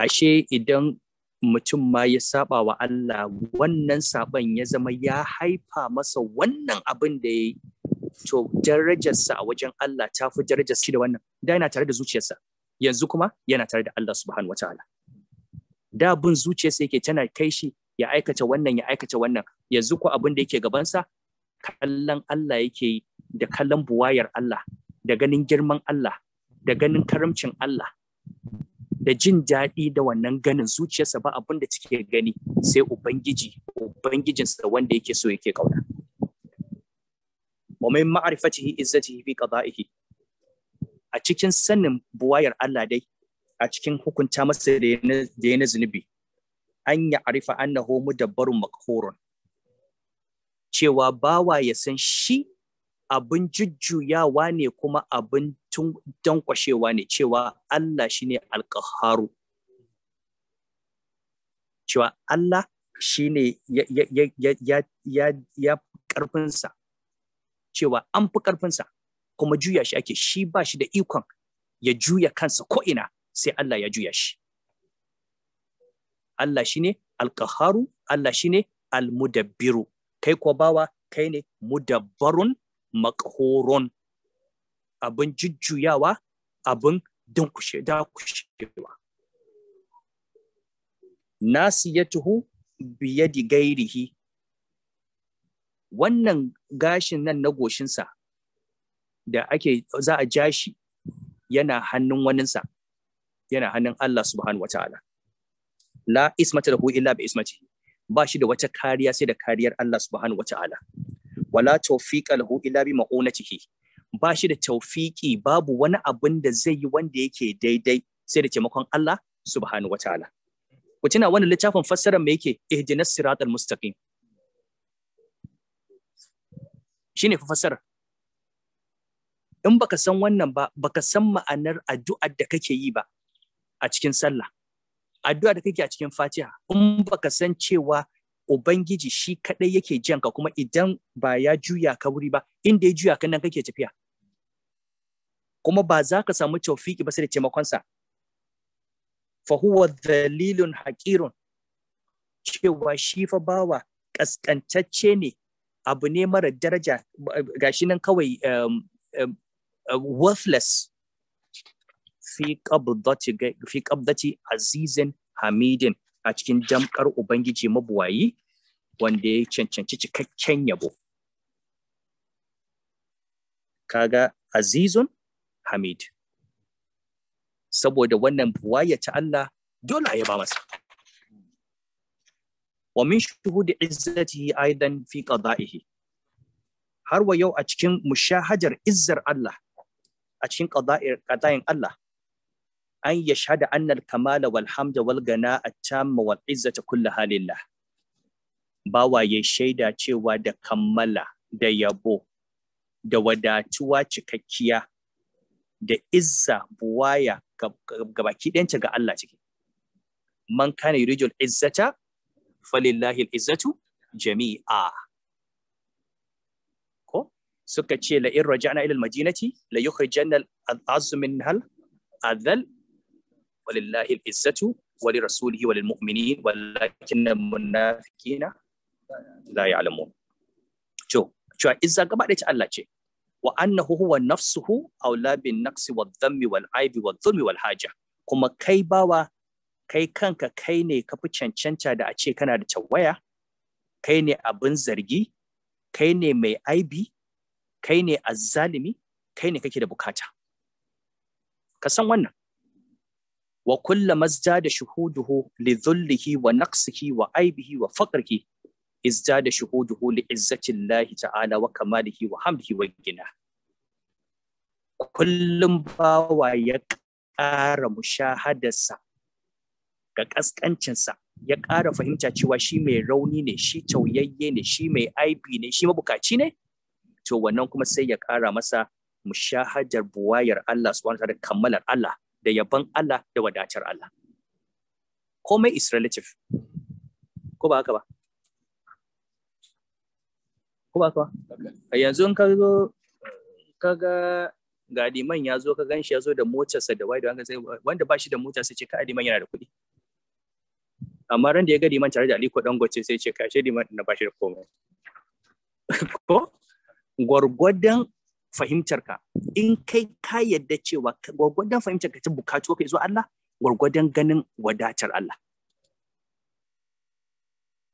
ashe idan mutum ma ya saba wa Allah wannan saban ya zama ya haifa masa wannan abin da ya yi to darajarsa a wajen Allah ta fi darajar da wannan da yana tare da zuciyarsa yanzu kuma yana tare da Allah subhanahu wataala da bin zuciyarsa yake tana kai shi ya aikata wannan ya aikata wannan yanzu ko abin da yake gabansa kallon Allah yake yi da kallon buwayar Allah da ganin girman Allah da ganin karamcin Allah da jin daɗi da wannan ganin zuciyarsa ba abin da take gani sai ubangiji ubangijinsa wanda yake so yake kauna wa min ma'rifatihi izzatihi fi qada'ihi a cikin sanin buwayar Allah dai a cikin hukunta masa da ya na zunubi an yi arifa annahu mudabbarun makhurun cewa bawa ya san shi abin jujjuyawa ne kuma abin dankwashewa ne cewa Allah shi ne alkaharu. Cewa Allah shi ne ya ƙarfinsa, cewa an fi ƙarfinsa kuma juya shi ake shi ba shi da ikon ya juya kansa ko'ina sai Allah ya juya shi. Allah shi ne alkaharu, Allah shi ne almudabbiru, kai ko bawa kai ne mudabbarun maqhurun abin jujjuyawa abin dunkushe dakushewa nasiyatuhu biyadi gairihi wannan gashin nan na goshinsa da ake za a ja shi yana hannun waninsa yana hannun Allah subhanahu wataala la ismata lahu illa bi ismati ba shi da wata kariya sai da kariyar Allah subhanahu wataala wala tawfiqa lahu illa bi ma'unatihi ba shi da tawfiqi babu wani abin da zai yi wanda yake daidai sai da taimakon Allah subhanahu wataala ku tuna wani littafin fassara me yake ihdinas siratal mustaqim shine fassara in baka san wannan ba baka san ma'anar addu'ar da kake yi ba a cikin sallah addu'a da kake a cikin fatiha in baka san cewa Ubangiji shi kaɗai yake jiyan kuma idan ba ya juya ka wuri ba inda ya juya ka nan kake tafiya. Kuma ba za ka samu taufiki ba sai da taimakonsa. Fahuwa dalilun haƙirun cewa shi fa bawa ƙasƙantacce ne abu ne mara daraja gashi nan kawai um, um, um, worthless fi qabdati azizin hamidin a cikin damkar Ubangiji mabuwayi wanda ya cancanci cikakken yabo. Kaga azizun Hamid. Saboda wannan buwaya ta Allah dole ya ba masa. Wa min shuhudi izzatihi aidan fi qada'ihi. Har wa yau a cikin mushahajar izzar Allah a cikin qada'in Allah an yashhada anna annar kamala wal hamda wal gana at-tamma wal izzata kullaha halillah bawa ya shaida cewa da kammala da yabo da wadatuwa cikakkiya da izza buwaya gabaki ɗanta ga Allah ciki man kana yurijul izzata falillahi al-izzatu jami'a ko suka ce la in raja'na ila al-madinati la yukhrijanna al-azzu minha al-adhal walillahi al-izzatu wa li rasulihi wa lil mu'minin walakin munafiqina la ya'lamun to cewa izza gaba da Allah ce wa annahu huwa nafsuhu aula bin naqsi wa dhammi wal aibi wa dhulmi wal haja kuma kai bawa kai kanka kai ne ka fi cancanta da a ce kana da tawaya kai ne abin zargi Kaine mai aibi Kaine ne azzalimi kai ne kake da buƙata? ka san wannan wa kulla mazdada shuhuduhu li dhullihi wa naqsihi wa aibihi wa faqrihi izjada shuhuduhu li izzati ta'ala wa kamalihi wa wa gina kullum bawa ya ƙara mushahadarsa ga ƙasƙancinsa ya ƙara fahimta cewa shi mai rauni ne shi tauyayye ne shi mai aibi ne shi mabukaci ne to wannan kuma sai ya ƙara masa mushahadar buwayar Allah subhanahu wa ta'ala kammalar Allah da yabon Allah da wadatar Allah komai is relative ko ba haka ba ko ba haka ba yanzu in ka zo ka ga ga liman ya zo ka gan shi ya zo da motarsa da wai da wanda ba shi da mota sai ce ka liman yana da kuɗi amma ran da ya ga liman tare da Aliko Dangote sai ce kashe liman na ba shi da komai. *laughs* Ko gwargwadon fahimtarka in kai ka yadda cewa gwargwadon fahimtarka ta bukatu kai zuwa Allah gwargwadon ganin wadatar Allah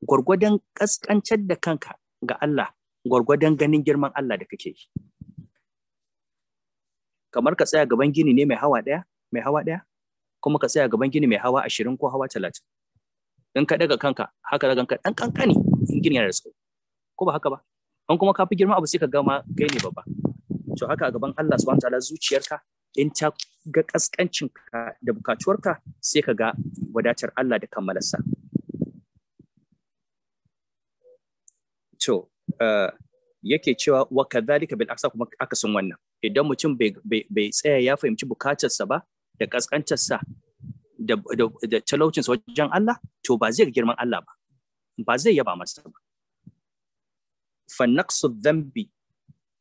gwargwadon kaskancar da kanka ga Allah gwargwadon ganin girman Allah da kake yi kamar ka tsaya gaban gini ne mai hawa ɗaya mai hawa ɗaya kuma ka tsaya gaban gini mai hawa ashirin ko hawa talatin in ka daga kanka haka daga kanka ɗan kankani in gini yana da tsawo ko ba haka ba an kuma ka fi girma abu sai ka gama kai ne babba to haka a gaban Allah subhanahu wataala zuciyarka in ta ga kaskancin ka da bukatuwarka sai ka ga wadatar Allah da kammalarsa to eh, yake cewa wa kadhalika bil aksa kuma akasin wannan idan mutum bai tsaya ya fahimci bukatarsa ba da kaskantarsa da, da, talaucinsa wajen Allah to ba zai girman Allah ba ba zai yaba masa ba fa naqsu dhanbi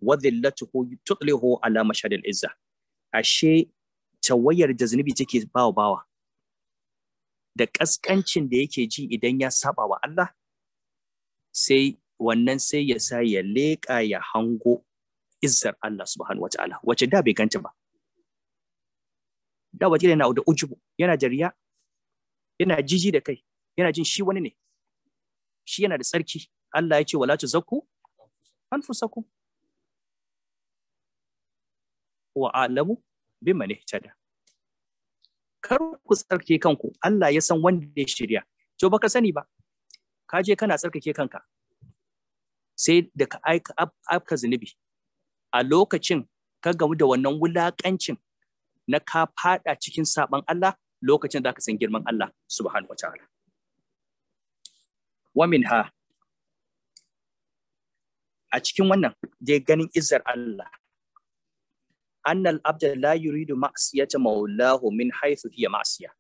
wa dhillatuhu tutlihu ala mashadil izza ashe tawayar da zunubi take bawa bawa da kaskancin da yake ji idan ya saba wa Allah sai wannan sai ya sa ya leƙa ya hango izzar Allah subhanahu wataala wacce da bai ganta ba da waje yana da ujubu yana da yana jiji da kai yana jin shi wani ne shi yana da tsarki Allah ya ce wala tuzakku anfusakum Wa a'lamu biman ihtada kar ku tsarkake kanku Allah ya san wanda ya shirya to baka sani ba ka je kana tsarkake kanka sai da ka aika zunubi a lokacin ka gamu da wannan wulakancin na ka fada cikin saban Allah lokacin da ka san girman Allah subhanahu wa ta'ala wa ha? a cikin wannan dai ganin izzar Allah annal abda la yuridu ma'siyata maulahu min haythu hiya ma'siya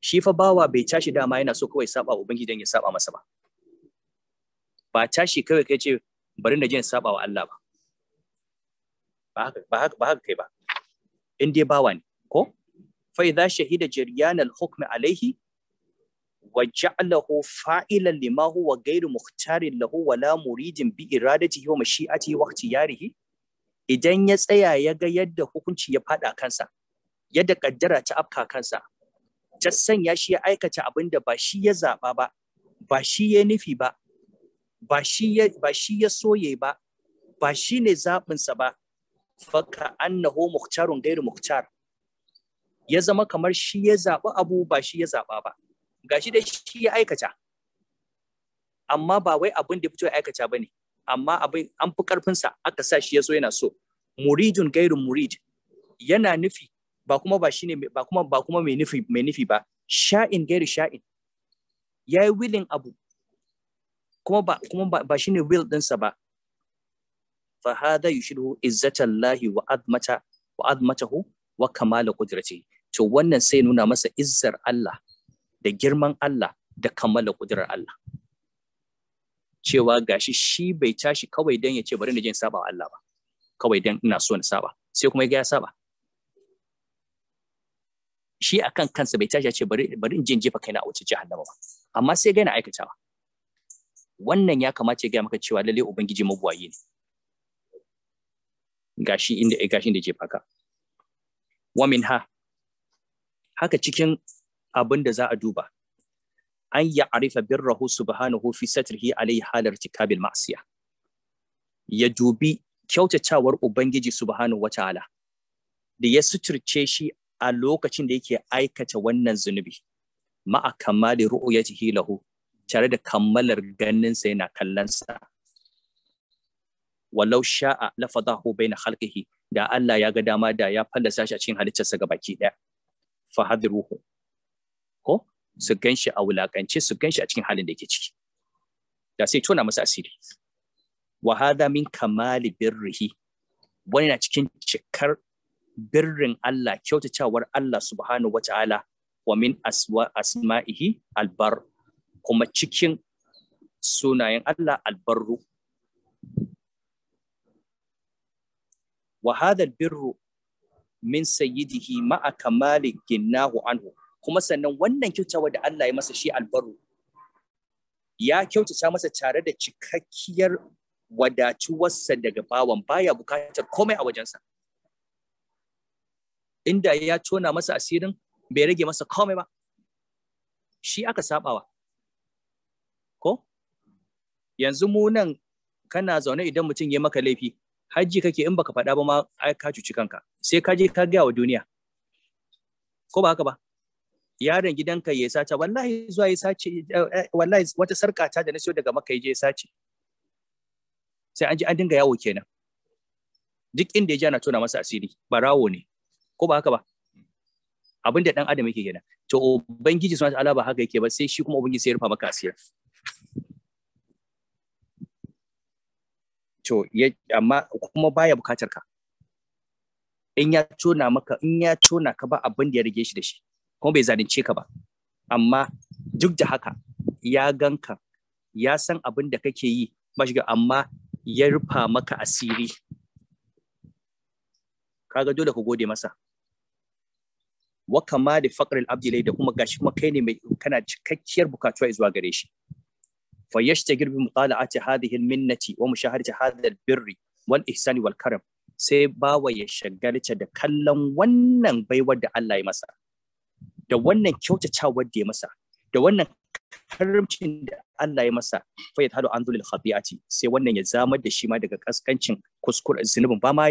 shi fa bawa bai tashi dama yana so kawai saba ubangiji dan ya saba masa ba ba tashi kawai kai ce bari na je in saba wa Allah ba ba haka ba haka ba haka kai ba in dai bawa ne ko fa shahida jiryan al hukm alayhi wa ja'alahu fa'ilan lima huwa ghayru mukhtarin lahu wa la muridin bi iradatihi wa mashi'atihi wa ikhtiyarihi idan ya tsaya ya ga yadda hukunci ya faɗa kansa yadda kaddara ta afka kansa ta sanya shi ya aikata abin da ba shi ya zaɓa ba ba shi ya nufi ba ba shi ya ba soye ba ba shi ne zaɓinsa ba faka annahu muhtarun gairu muhtar ya zama kamar shi ya zaɓi abu ba shi ya zaɓa ba gashi da shi ya aikata amma ba wai abin da fito ya aikata ba ne amma abin an fi karfinsa aka sa shi ya so yana so muridun gairin murid yana nufi ba kuma ba shine ba kuma ba kuma mai nufi mai nufi ba sha'in gairu sha'in yayi willing abu kuma ba kuma ba, ba shine will dinsa ba fa hada yushiru izzatallahi wa azmata wa azmatahu wa kamala qudrati to wannan sai nuna masa izzar Allah da girman Allah da kammala qudrar Allah cewa gashi shi bai tashi kawai dan ya ce bari na je in saba wa Allah ba kawai dan ina so na saba sai kuma ya saba shi akan kansa bai tashi ya ce bari bari in je jefa kaina a wuce jahannama ba amma sai ga yana aikatawa wannan ya kamata ya gaya maka cewa lalle ubangiji mabuwayi ne gashi inda gashi inda jefa ka wa ha, haka cikin abin da za a duba an ya arifa birrahu subhanahu fi satrihi alayhi halar tikabil ma'asiya. ya dubi kyautatawar ubangiji subhanahu wataala da ya suturce shi a lokacin da yake aikata wannan zunubi ma'a kamali ru'yatihi hilahu, tare da kammalar ganinsa yana kallonsa walau sha'a lafadahu baina khalqihi da Allah ya ga dama da ya fallasa shi a cikin halittarsa gabaki daya fahadruhu su gan shi a wulakance su gan shi a cikin halin da yake ciki da sai tona masa asiri wa hadha min kamali birrihi wani na cikin cikar birrin Allah kyautatawar Allah subhanahu wataala wa min aswa asma'ihi albar kuma cikin sunayen Allah albarru wa hadha albirru min sayyidihi ma'a kamali ginnahu anhu kuma sannan wannan kyautawa da Allah ya masa shi albaro ya kyautata masa tare da cikakkiyar wadatuwarsa daga bawan baya bukatar komai a wajensa inda ya tona masa asirin bai rage masa komai ba shi aka sabawa ko yanzu mu nan kana zaune idan mutum ya maka laifi hajji kake in baka faɗa ba ma ai ka cuci kanka sai ka je ka gaya wa duniya ko ba haka ba yaron gidanka ya sace wallahi zuwa ya sace eh, wallahi wata sarka ta da na siyo daga maka ya je sace sai an ji an dinga yawo kenan duk inda ya ji ana tona masa asiri barawo ne ko ba haka ba abin da dan adam yake kenan to ubangiji sunan Allah ba haka yake ba sai shi kuma ubangiji sai ya rufa maka asiri to amma kuma baya bukatar ka in ya tona maka in ya tona ka ba abin da ya rige shi da shi kuma bai zalunce ka ba amma duk da haka ya ganka ya san abin da kake yi ba amma ya rufa maka asiri kaga dole ka gode masa wa kama da faqrul abdi da kuma gashi kuma kai ne mai kana cikakkiyar bukatuwa zuwa gare shi fa yashtagir bi mutala'ati hadhihi minnati wa mushaharati hadha al-birri wal ihsani wal karam sai bawa ya shagalta da kallon wannan baiwar da Allah ya masa da wannan kyautatawar da ya masa da wannan karamcin da Allah ya masa fa ya hadu an zulil khabiati sai wannan ya zamar da shi ma daga kaskancin kuskure zunubin ba ma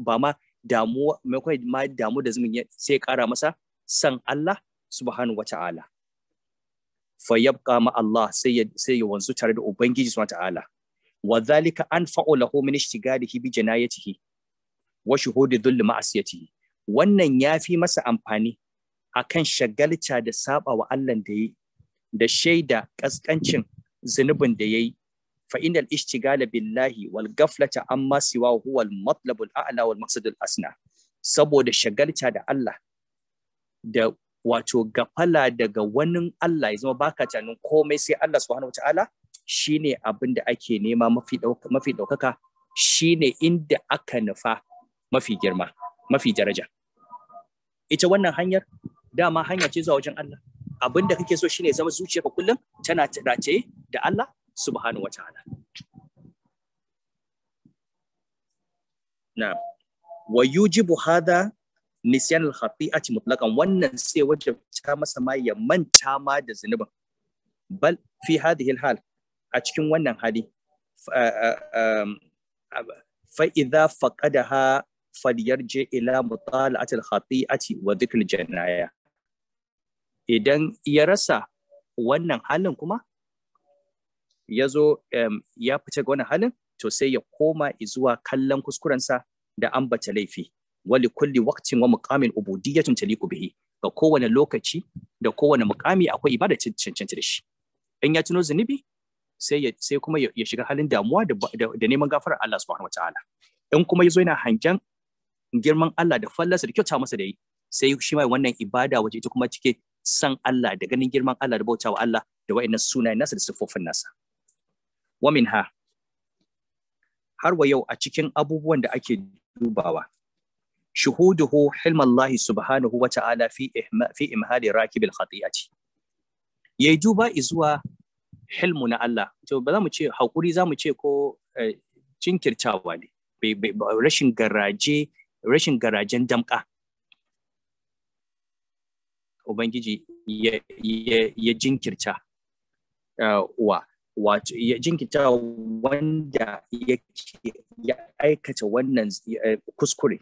ba ma damuwa mai ma damu da zumin sai kara masa san Allah subhanahu wata'ala fa yabqa ma Allah sai sai ya wanzu tare da ubangiji subhanahu wata'ala wa dhalika anfa'u lahu min ishtigalihi bi janayatihi wa shuhudi dhulli ma'asiyatihi wannan ya fi masa amfani akan shagalta da saba wa Allah da yi da shaida ƙasƙancin zunubin da yayi fa innal ishtigala billahi wal ghaflata amma siwa huwa al matlabul a'la wal al asna saboda shagalta da Allah da wato gafala daga wani Allah ya zama baka tunanin komai sai Allah subhanahu wataala shine abin da ake nema mafi mafi daukaka shine inda aka nufa mafi girma mafi daraja ita wannan hanyar dama hanya ce zuwa wajen Allah abin da kake so shine zama zuciyarka kullum tana dace da Allah subhanahu ta'ala. na wa yujibu hada nisyan al-khati'ati mutlaqan wannan sai ta masa ma ya manta ma da zunubin bal fi hadhihi al-hal a cikin wannan hali fa idza faqadaha falyarji ila mutala'ati al-khati'ati wa dhikr al-janaya idan ya rasa wannan halin kuma ya zo um, ya fice ga wannan halin to sai ya koma zuwa kallon kuskurensa da ambata laifi wali kulli waqtin wa muqamin ubudiyatun taliqu bihi ga kowane lokaci da kowane muqami akwai ibada cancanta da shi in ya tuno zunubi sai ya sai kuma ya shiga halin damuwa da, neman gafarar Allah subhanahu wataala in kuma yazo yana hangen girman Allah da fallasa da kyauta masa da yi sai shi mai wannan ibada waje ita kuma cike san Allah da ganin girman Allah da bautawa Allah da wa'annan sunayen nasa da siffofin nasa wa min ha? har wa yau a cikin abubuwan da ake dubawa shuhuduhu hilmallahi subhanahu wa ta'ala fi fi imhali rakibil khati'ati yayi duba izuwa hilmu na Allah to ba za mu ce hakuri za mu ce ko eh, jinkirtawa ne rashin garaje rashin garajen damka ubangiji ya jinkirta uh, wa wato ya jinkirta wanda ya aikata wannan eh, kuskure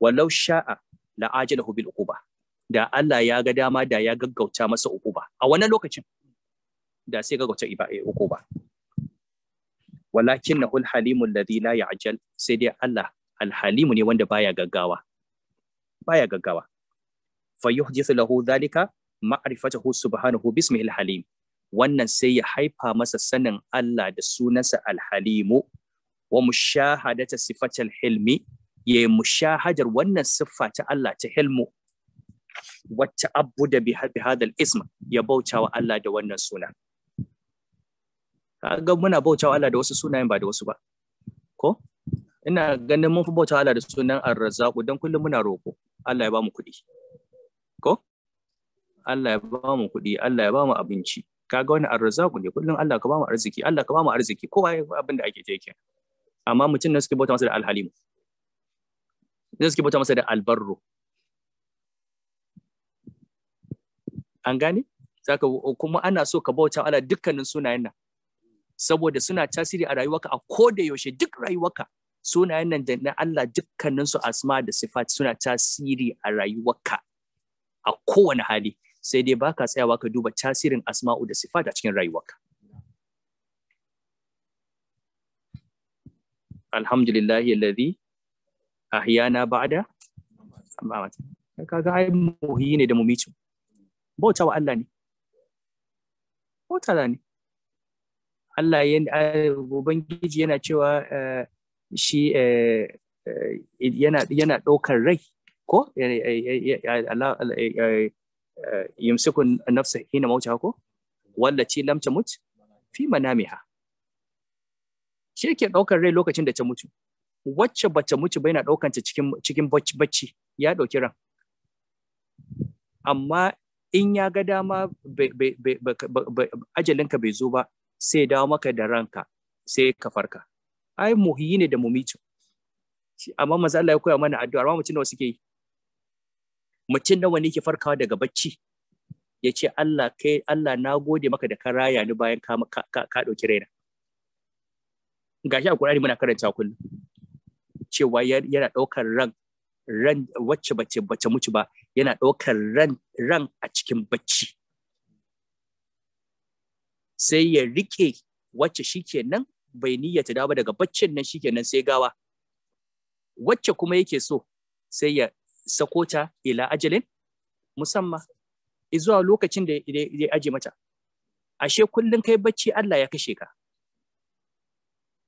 walau sha'a la ajalahu bil uquba da Allah ya ga dama da ya gaggauta masa uquba a wannan lokacin da sai gaggauta eh, uquba walakin na halimul ladhi la ya'jal sai dai Allah alhalimu ne wanda baya gaggawa baya gaggawa fayuhdithu lahu dhalika ma'rifatahu subhanahu bismihi al-halim wannan sai ya haifa masa sanin Allah da sunansa al-halimu wa mushahadata sifatal hilmi ya yi mushahadar wannan siffa ta Allah ta hilmu wacce abu da bi hadal ism ya bauta wa Allah da wannan suna kaga muna bauta wa Allah da wasu sunayen ba da wasu ba ko ina ganin mun fi bauta wa Allah da sunan ar-razzaq dan kullum muna roko Allah ya ba mu kuɗi ko Allah ya ba mu kuɗi Allah ya ba mu abinci kaga wani arzaku ne kullum Allah ka ba mu arziki Allah ka ba mu arziki kowa ya abin da ake take amma mutum ne suke bauta masa da alhalim ne suke bauta masa da albarro an gane zaka kuma ana so ka bauta Allah dukkanin sunayen nan saboda suna tasiri a rayuwarka a koda yaushe duk rayuwarka sunayen nan da na Allah dukkaninsu asma da sifat suna tasiri a rayuwarka a kowane hali sai dai baka tsayawa ka duba tasirin asma'u da sifat a cikin rayuwarka Alhamdulillah alladhi ahyana ba'da kaga ai muhi ne da mumitu bauta wa Allah ne bauta ne Allah ubangiji yana cewa eh, shi eh, eh, yana ɗaukar rai ko yumsiku nafsa hina mauta ko wallaci lam tamut fi manamiha shi yake daukar rai lokacin da ta mutu wacce ba bata mutu ba yana daukan ta cikin cikin bacci ya dauki ran amma in ya ga dama ajalinka bai zo ba sai ya dawo maka da ranka sai ka farka ai muhiyi ne da mumitu amma manzo ya koya mana addu'a amma mutum da suke yi mutum nawa ne ke farkawa daga bacci ya ce Allah kai Allah na gode maka da ka raya ni bayan ka ka ɗauki raina gashi a Qur'ani muna karanta kullum cewa yana ɗaukar ran ran wacce bace bace mutu ba yana ɗaukar ran ran a cikin bacci sai ya rike wacce shikenan bai niyyata dawo daga baccin nan shikenan sai gawa wacce kuma yake so sai ya sako ta ila ajalin musamman zuwa lokacin da ya aje mata ashe kullum kai bacci Allah ya kashe ka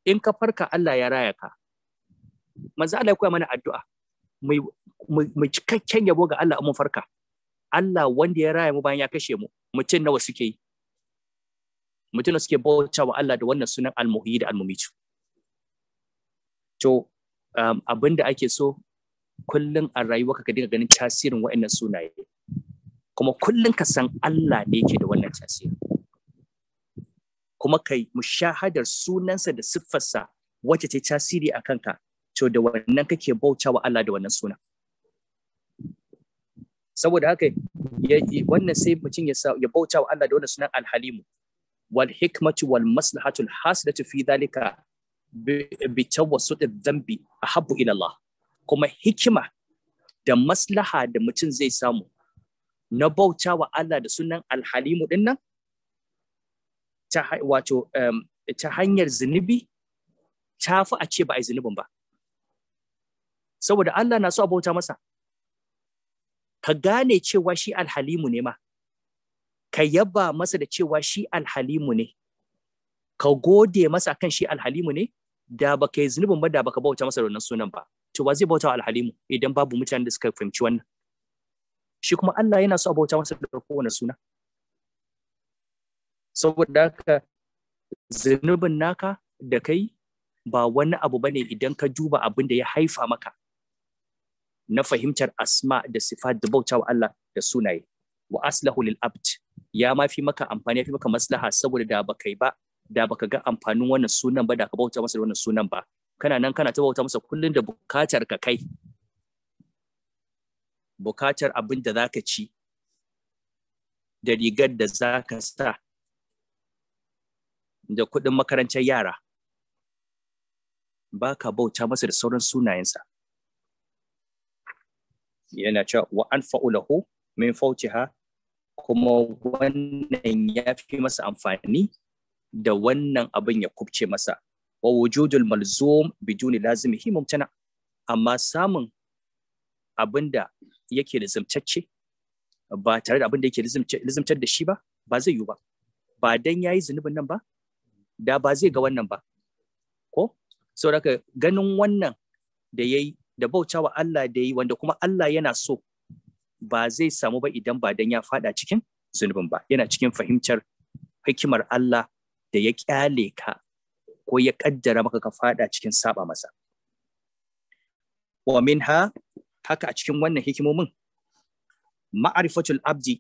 in ka farka Allah ya raya ka manzo Allah ya koya mana addu'a mu cikakken yabo ga Allah mu farka Allah wanda ya raya mu bayan ya kashe mu mutum nawa suke yi mutum nawa suke bauta wa Allah da wannan sunan al almuhyi da almumitu to um, ake so kullum a rayuwarka ka dinga ganin tasirin wa'annan sunaye kuma kullum ka san Allah ne yake da wannan tasiri kuma kai mushahadar sunansa da siffarsa wacce ta tasiri a kanka to da wannan kake bauta wa Allah da wannan suna saboda haka wannan sai mutum ya bauta wa Allah da wannan sunan alhalimu wal hikmatu wal maslahatul hasilatu fi dhalika bi tawassut adh-dhanbi ahabbu ila Allah kuma hikima da maslaha da mutum zai samu na bauta wa Allah da sunan alhalimu din nan ta wato ta hanyar zunubi ta fi a ce ba a yi zunubin ba saboda Allah na so a bauta masa ka gane cewa shi alhalimu ne ma ka yaba masa da cewa shi alhalimu ne ka gode masa kan shi alhalimu ne da baka yi zunubin ba da baka bauta masa da wannan sunan ba to wa zai bauta alhalimu idan babu mutanen da suka fahimci wannan shi kuma Allah yana so a bauta masa da kowane suna saboda haka zunubin naka da kai ba wani abu bane idan ka duba abin da ya haifa maka na fahimtar asma da sifat da bauta Allah da sunaye wa aslahu lil abd ya ma fi maka amfani ya fi maka maslaha saboda da baka ba da baka ga amfanin wannan sunan ba da ka bauta masa da wannan sunan ba kana nan kana ta bauta masa kullum da bukatar ka kai bukatar abin da zaka ci da rigar da zaka sa da kuɗin makarantar yara ba ka bauta masa da sauran sunayensa yana cewa wa an fa'ulahu min fautiha kuma wannan ya fi masa amfani da wannan abin ya kubce masa wa wujudul malzum biduni lazimihi mumtana amma samun abinda yake lizimtacce ba tare da abinda yake lizimtar da shi ba ba zai yiwu ba ba dan yayi zunubin nan ba da ba zai ga wannan ba ko saboda ganin wannan da yayi da bautawa Allah da yi wanda kuma Allah yana so ba zai samu ba idan ba dan ya fada cikin zunubin ba yana cikin fahimtar hikimar Allah da ya kyale ka ko ya kaddara maka ka fada cikin saba masa wa minha haka a cikin wannan hikimomin ma'rifatul abdi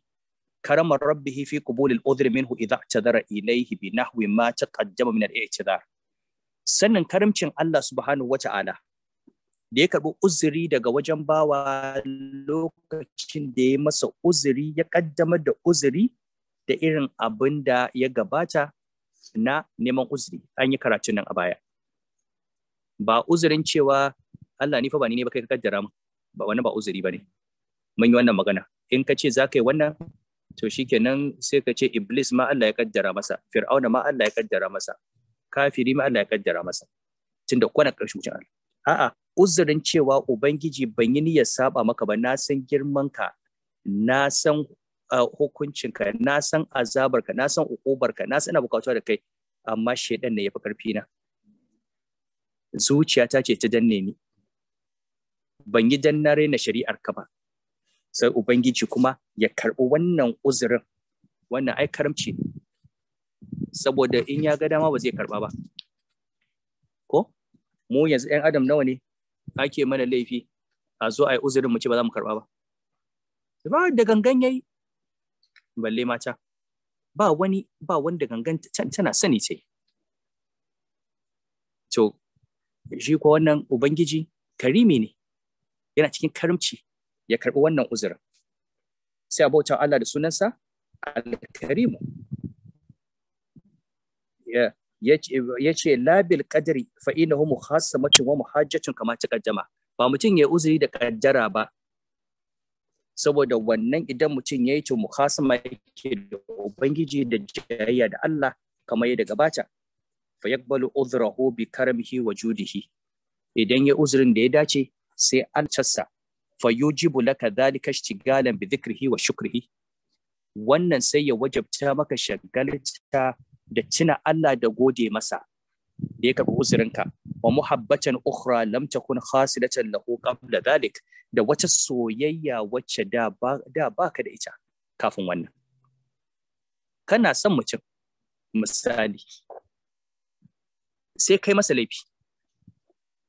karamar rabbihi fi qubulil udhri minhu idha tadara ilayhi bi nahwi ma taqaddama min al-i'tidar sannan karamcin Allah subhanahu Ta'ala. da ya karbi uzuri daga wajen bawa lokacin da ya masa uzuri ya kaddamar da uzuri da irin abinda ya gabata na neman uzuri an yi karatun nan a baya ba uzurin cewa Allah ni fa ba ni ne ba kai ka kaddara mu ba wannan ba uzuri bane mun yi wannan magana in ka ce za ka yi wannan to shikenan sai ka ce iblis ma Allah ya kaddara masa fir'auna ma Allah ya kaddara masa kafiri ma Allah ya kaddara masa tunda kwana karshe mutum Allah a'a uzurin cewa ubangiji ban yi niyyar saba maka ba na san girman ka na san hukuncinka na san azabarka na san ukubarka na san ina da kai amma shaidan ne yafi karfi na zuciyata ce ta danne ni ban yi danna na raina shari'ar ka ba sai ubangiji kuma ya karɓi wannan uzurin wannan ai karamci saboda in ya ga dama ba zai karɓa ba ko mu yanzu 'yan adam nawa ne ake mana laifi a zo a yi uzurin mu ce ba za mu karɓa ba ba da gangan yayi balle mata ba wani ba wanda gangan tana sani ce to shi ko wannan ubangiji karimi ne yana cikin karimci ya karbi wannan uzurin sai abota Allah da sunansa al-karimu ya ce labil kadari fa inahu muhassamatun wa muhajjatun kama taqaddama ba mutum ya uzuri da kaddara ba saboda wannan idan mutum ya yi to mukhasama yake da ubangiji da jayayya da Allah kamar yadda gabata fa yaqbalu uzrahu bi karamihi wa judihi idan ya uzurin da ya dace sai an tassa fa yujibu laka dhalika ishtigalan bi dhikrihi wa shukrihi wannan sai ya wajabta maka shagalta da tuna Allah da gode masa da ya karɓi uzurinka wa muhabbatan ukhra lam takun khasidatan lahu qabla dhalik da wata soyayya wacce da ba da baka da ita kafin wannan kana son mutum misali sai kai masa laifi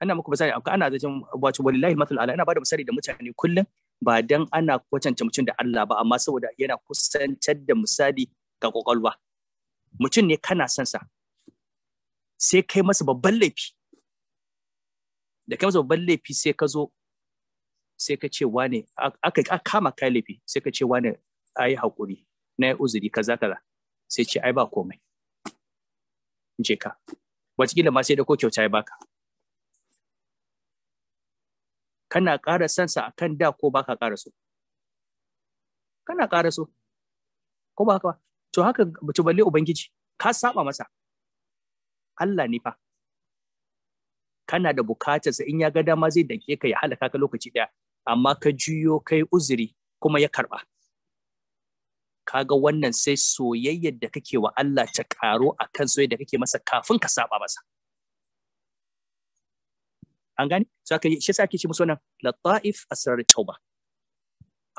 ana muku misali ana zancen wato wallahi mathal ala ina bada misali da mutane kullum ba dan ana kwatanta mutum da Allah ba amma saboda yana kusantar da misali ga kokolwa mutum ne kana son sa sai kai masa babban laifi da kai masa babban laifi sai ka zo sai ka ce wane aka kama kai laifi sai ka ce wane ayi hakuri na uzuri kaza kaza sai ce ai ba komai je ka wataƙila ma sai da ko kyauta ya baka kana ƙara sansa a kan da ko baka ƙara so kana ƙara so ko ba haka to haka mutu balle ubangiji ka saba masa Allah ne fa kana da buƙatar sa in ya ga dama zai dake ka ya halaka ka lokaci ɗaya, amma ka juyo kai uzuri kuma ya karɓa. Ka ga wannan sai soyayyar da kake wa Allah ta ƙaro a kan soyayyar da kake masa kafin ka saba masa an gane Saka aka shi sa ke ce musu wannan lataif asrar tauba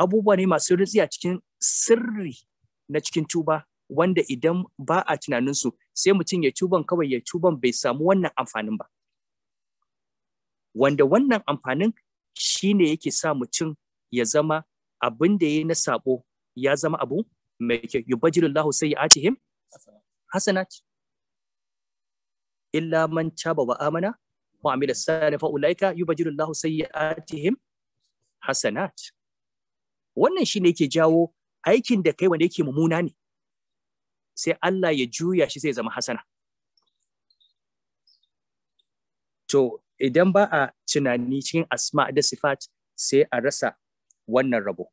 abubuwa ne masu ritsi a cikin sirri na cikin tuba wanda idan ba a tunaninsu sai mutum ya cuban kawai ya cuban bai samu wannan amfanin ba wanda wannan amfanin shine yake sa mutum ya zama abin da ya na sabo ya zama abu mai kyau yubajilullahu sayyi'atihim hasanat illa man taba wa amana wa amila salihan ulaika yubajilullahu sayyi'atihim hasanat wannan shine yake jawo aikin da kai wanda yake mumuna ne sai Allah ya juya shi sai zama hasana to idan ba a tunani cikin asma da sifat sai a rasa wannan rabo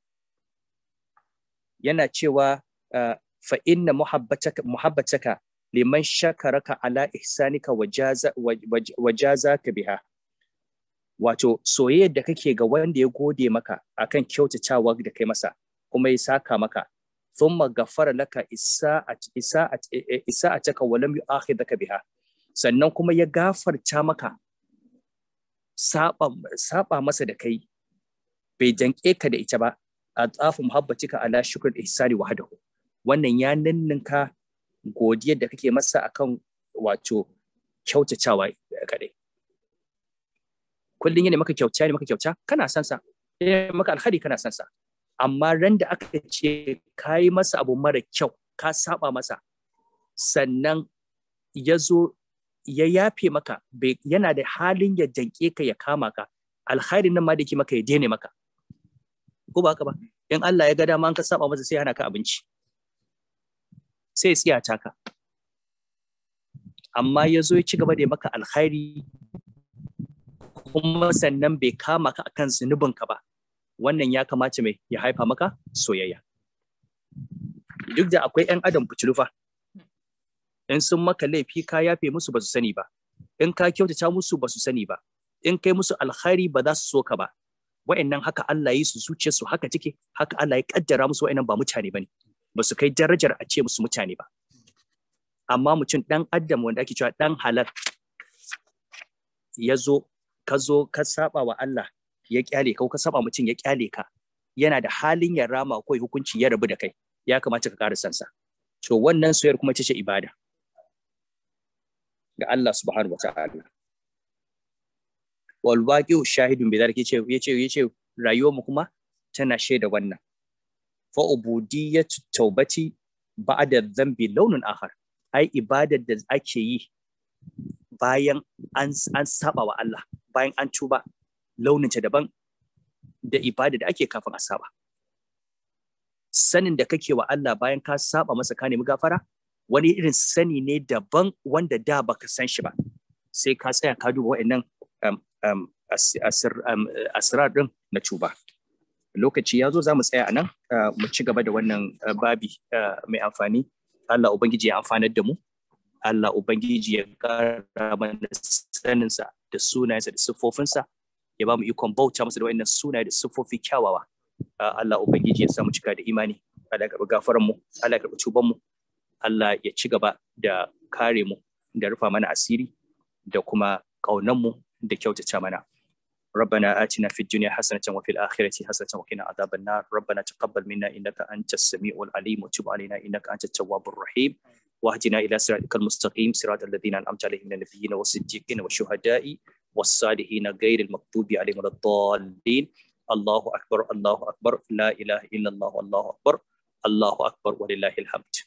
yana cewa ah, fa inna muhabbataka muhabbataka liman shakaraka ala ihsanika wa ka biha wato soyayyar da kake ga wanda ya gode maka akan kyautatawa da kai masa kuma ya saka maka thumma ghaffara laka isa'at isa'at e, e, isa'ataka wa lam yu'akhidhaka biha sannan kuma ya gafarta maka saba saba masa da kai bai janke ka da ita ba a tsafu muhabbatika ala shukr ihsani wahdahu wannan ya ninninka godiyar da kake masa akan wato kyautatawa kadai kullun yana maka kyauta ne maka kyauta kana san sa eh maka alkhari kana san sa amma ran da aka ce ka yi masa abu mara kyau ka saba masa sannan ya zo ya yafe maka yana da halin ya danke ka ya kama ka alkhairin nan ma da ke maka ya dene maka ko ba ba in Allah ya ga dama an ka saba masa sai hana ka abinci sai ya tsiyata ka amma ya zo ya ci gaba da maka alkhairi kuma sannan bai kama ka akan ka ba wannan ya kamata mai ya haifa maka soyayya duk da akwai 'yan adam fa? in sun maka laifi ka yafe musu ba su sani ba in ka kyautata musu ba su sani ba in kai musu alkhairi ba za su so ka ba wa'annan haka Allah yi su zuciya su haka cike. haka Allah ya kaddara musu wa'annan ba mutane bane ba su kai darajar a ce musu mutane ba amma mutum ɗan adam wanda ake cewa ɗan halal ya zo ka zo ka saba wa Allah ya kyale ka ka saba mutum ya kyale ka yana da halin ya rama ko hukunci ya rabu da kai ya kamata ka ƙara sansa to wannan soyar kuma ce ibada ga Allah subhanahu wa ta'ala wal baqiu shahidun bi ya yace yace yace rayuwar mu kuma tana shaida wannan fa ubudiyatu tawbati ba'da dhanbi launun akhar ai ibadar da ake yi bayan an an saba wa Allah bayan an tuba launinta daban da ibada da ake kafin a saba sanin da kake wa Allah bayan ka saba masa ka nemi gafara wani irin sani ne daban wanda da baka san shi ba sai ka tsaya ka duba wa'annan um, um, asirar um, din na cuba lokaci ya zo za mu tsaya a nan uh, mu ci gaba da wannan uh, babi uh, mai amfani Allah Ubangiji ya amfanar da mu Allah Ubangiji ya kara mana saninsa da sunayensa da siffofinsa ya ba mu ikon bauta masa da wa'annan sunaye da siffofi kyawawa ah, Allah ubangiji ya samu cika da imani Allah ya karɓi gafaran mu Allah ya karɓi tuban mu Allah ya ci gaba da kare mu da rufa mana asiri da kuma kaunan mu da kyautata mana ربنا آتنا في الدنيا حسنة وفي الآخرة حسنة وقنا عذاب النار ربنا تقبل منا إنك أنت السميع العليم وتب علينا إنك أنت التواب الرحيم واهدنا إلى صراطك المستقيم صراط الذين أنعمت عليهم من النبيين والصديقين والشهداء والصالحين غير المكتوب عليهم ولا الضالين الله أكبر الله أكبر لا إله إلا الله الله أكبر الله أكبر ولله الحمد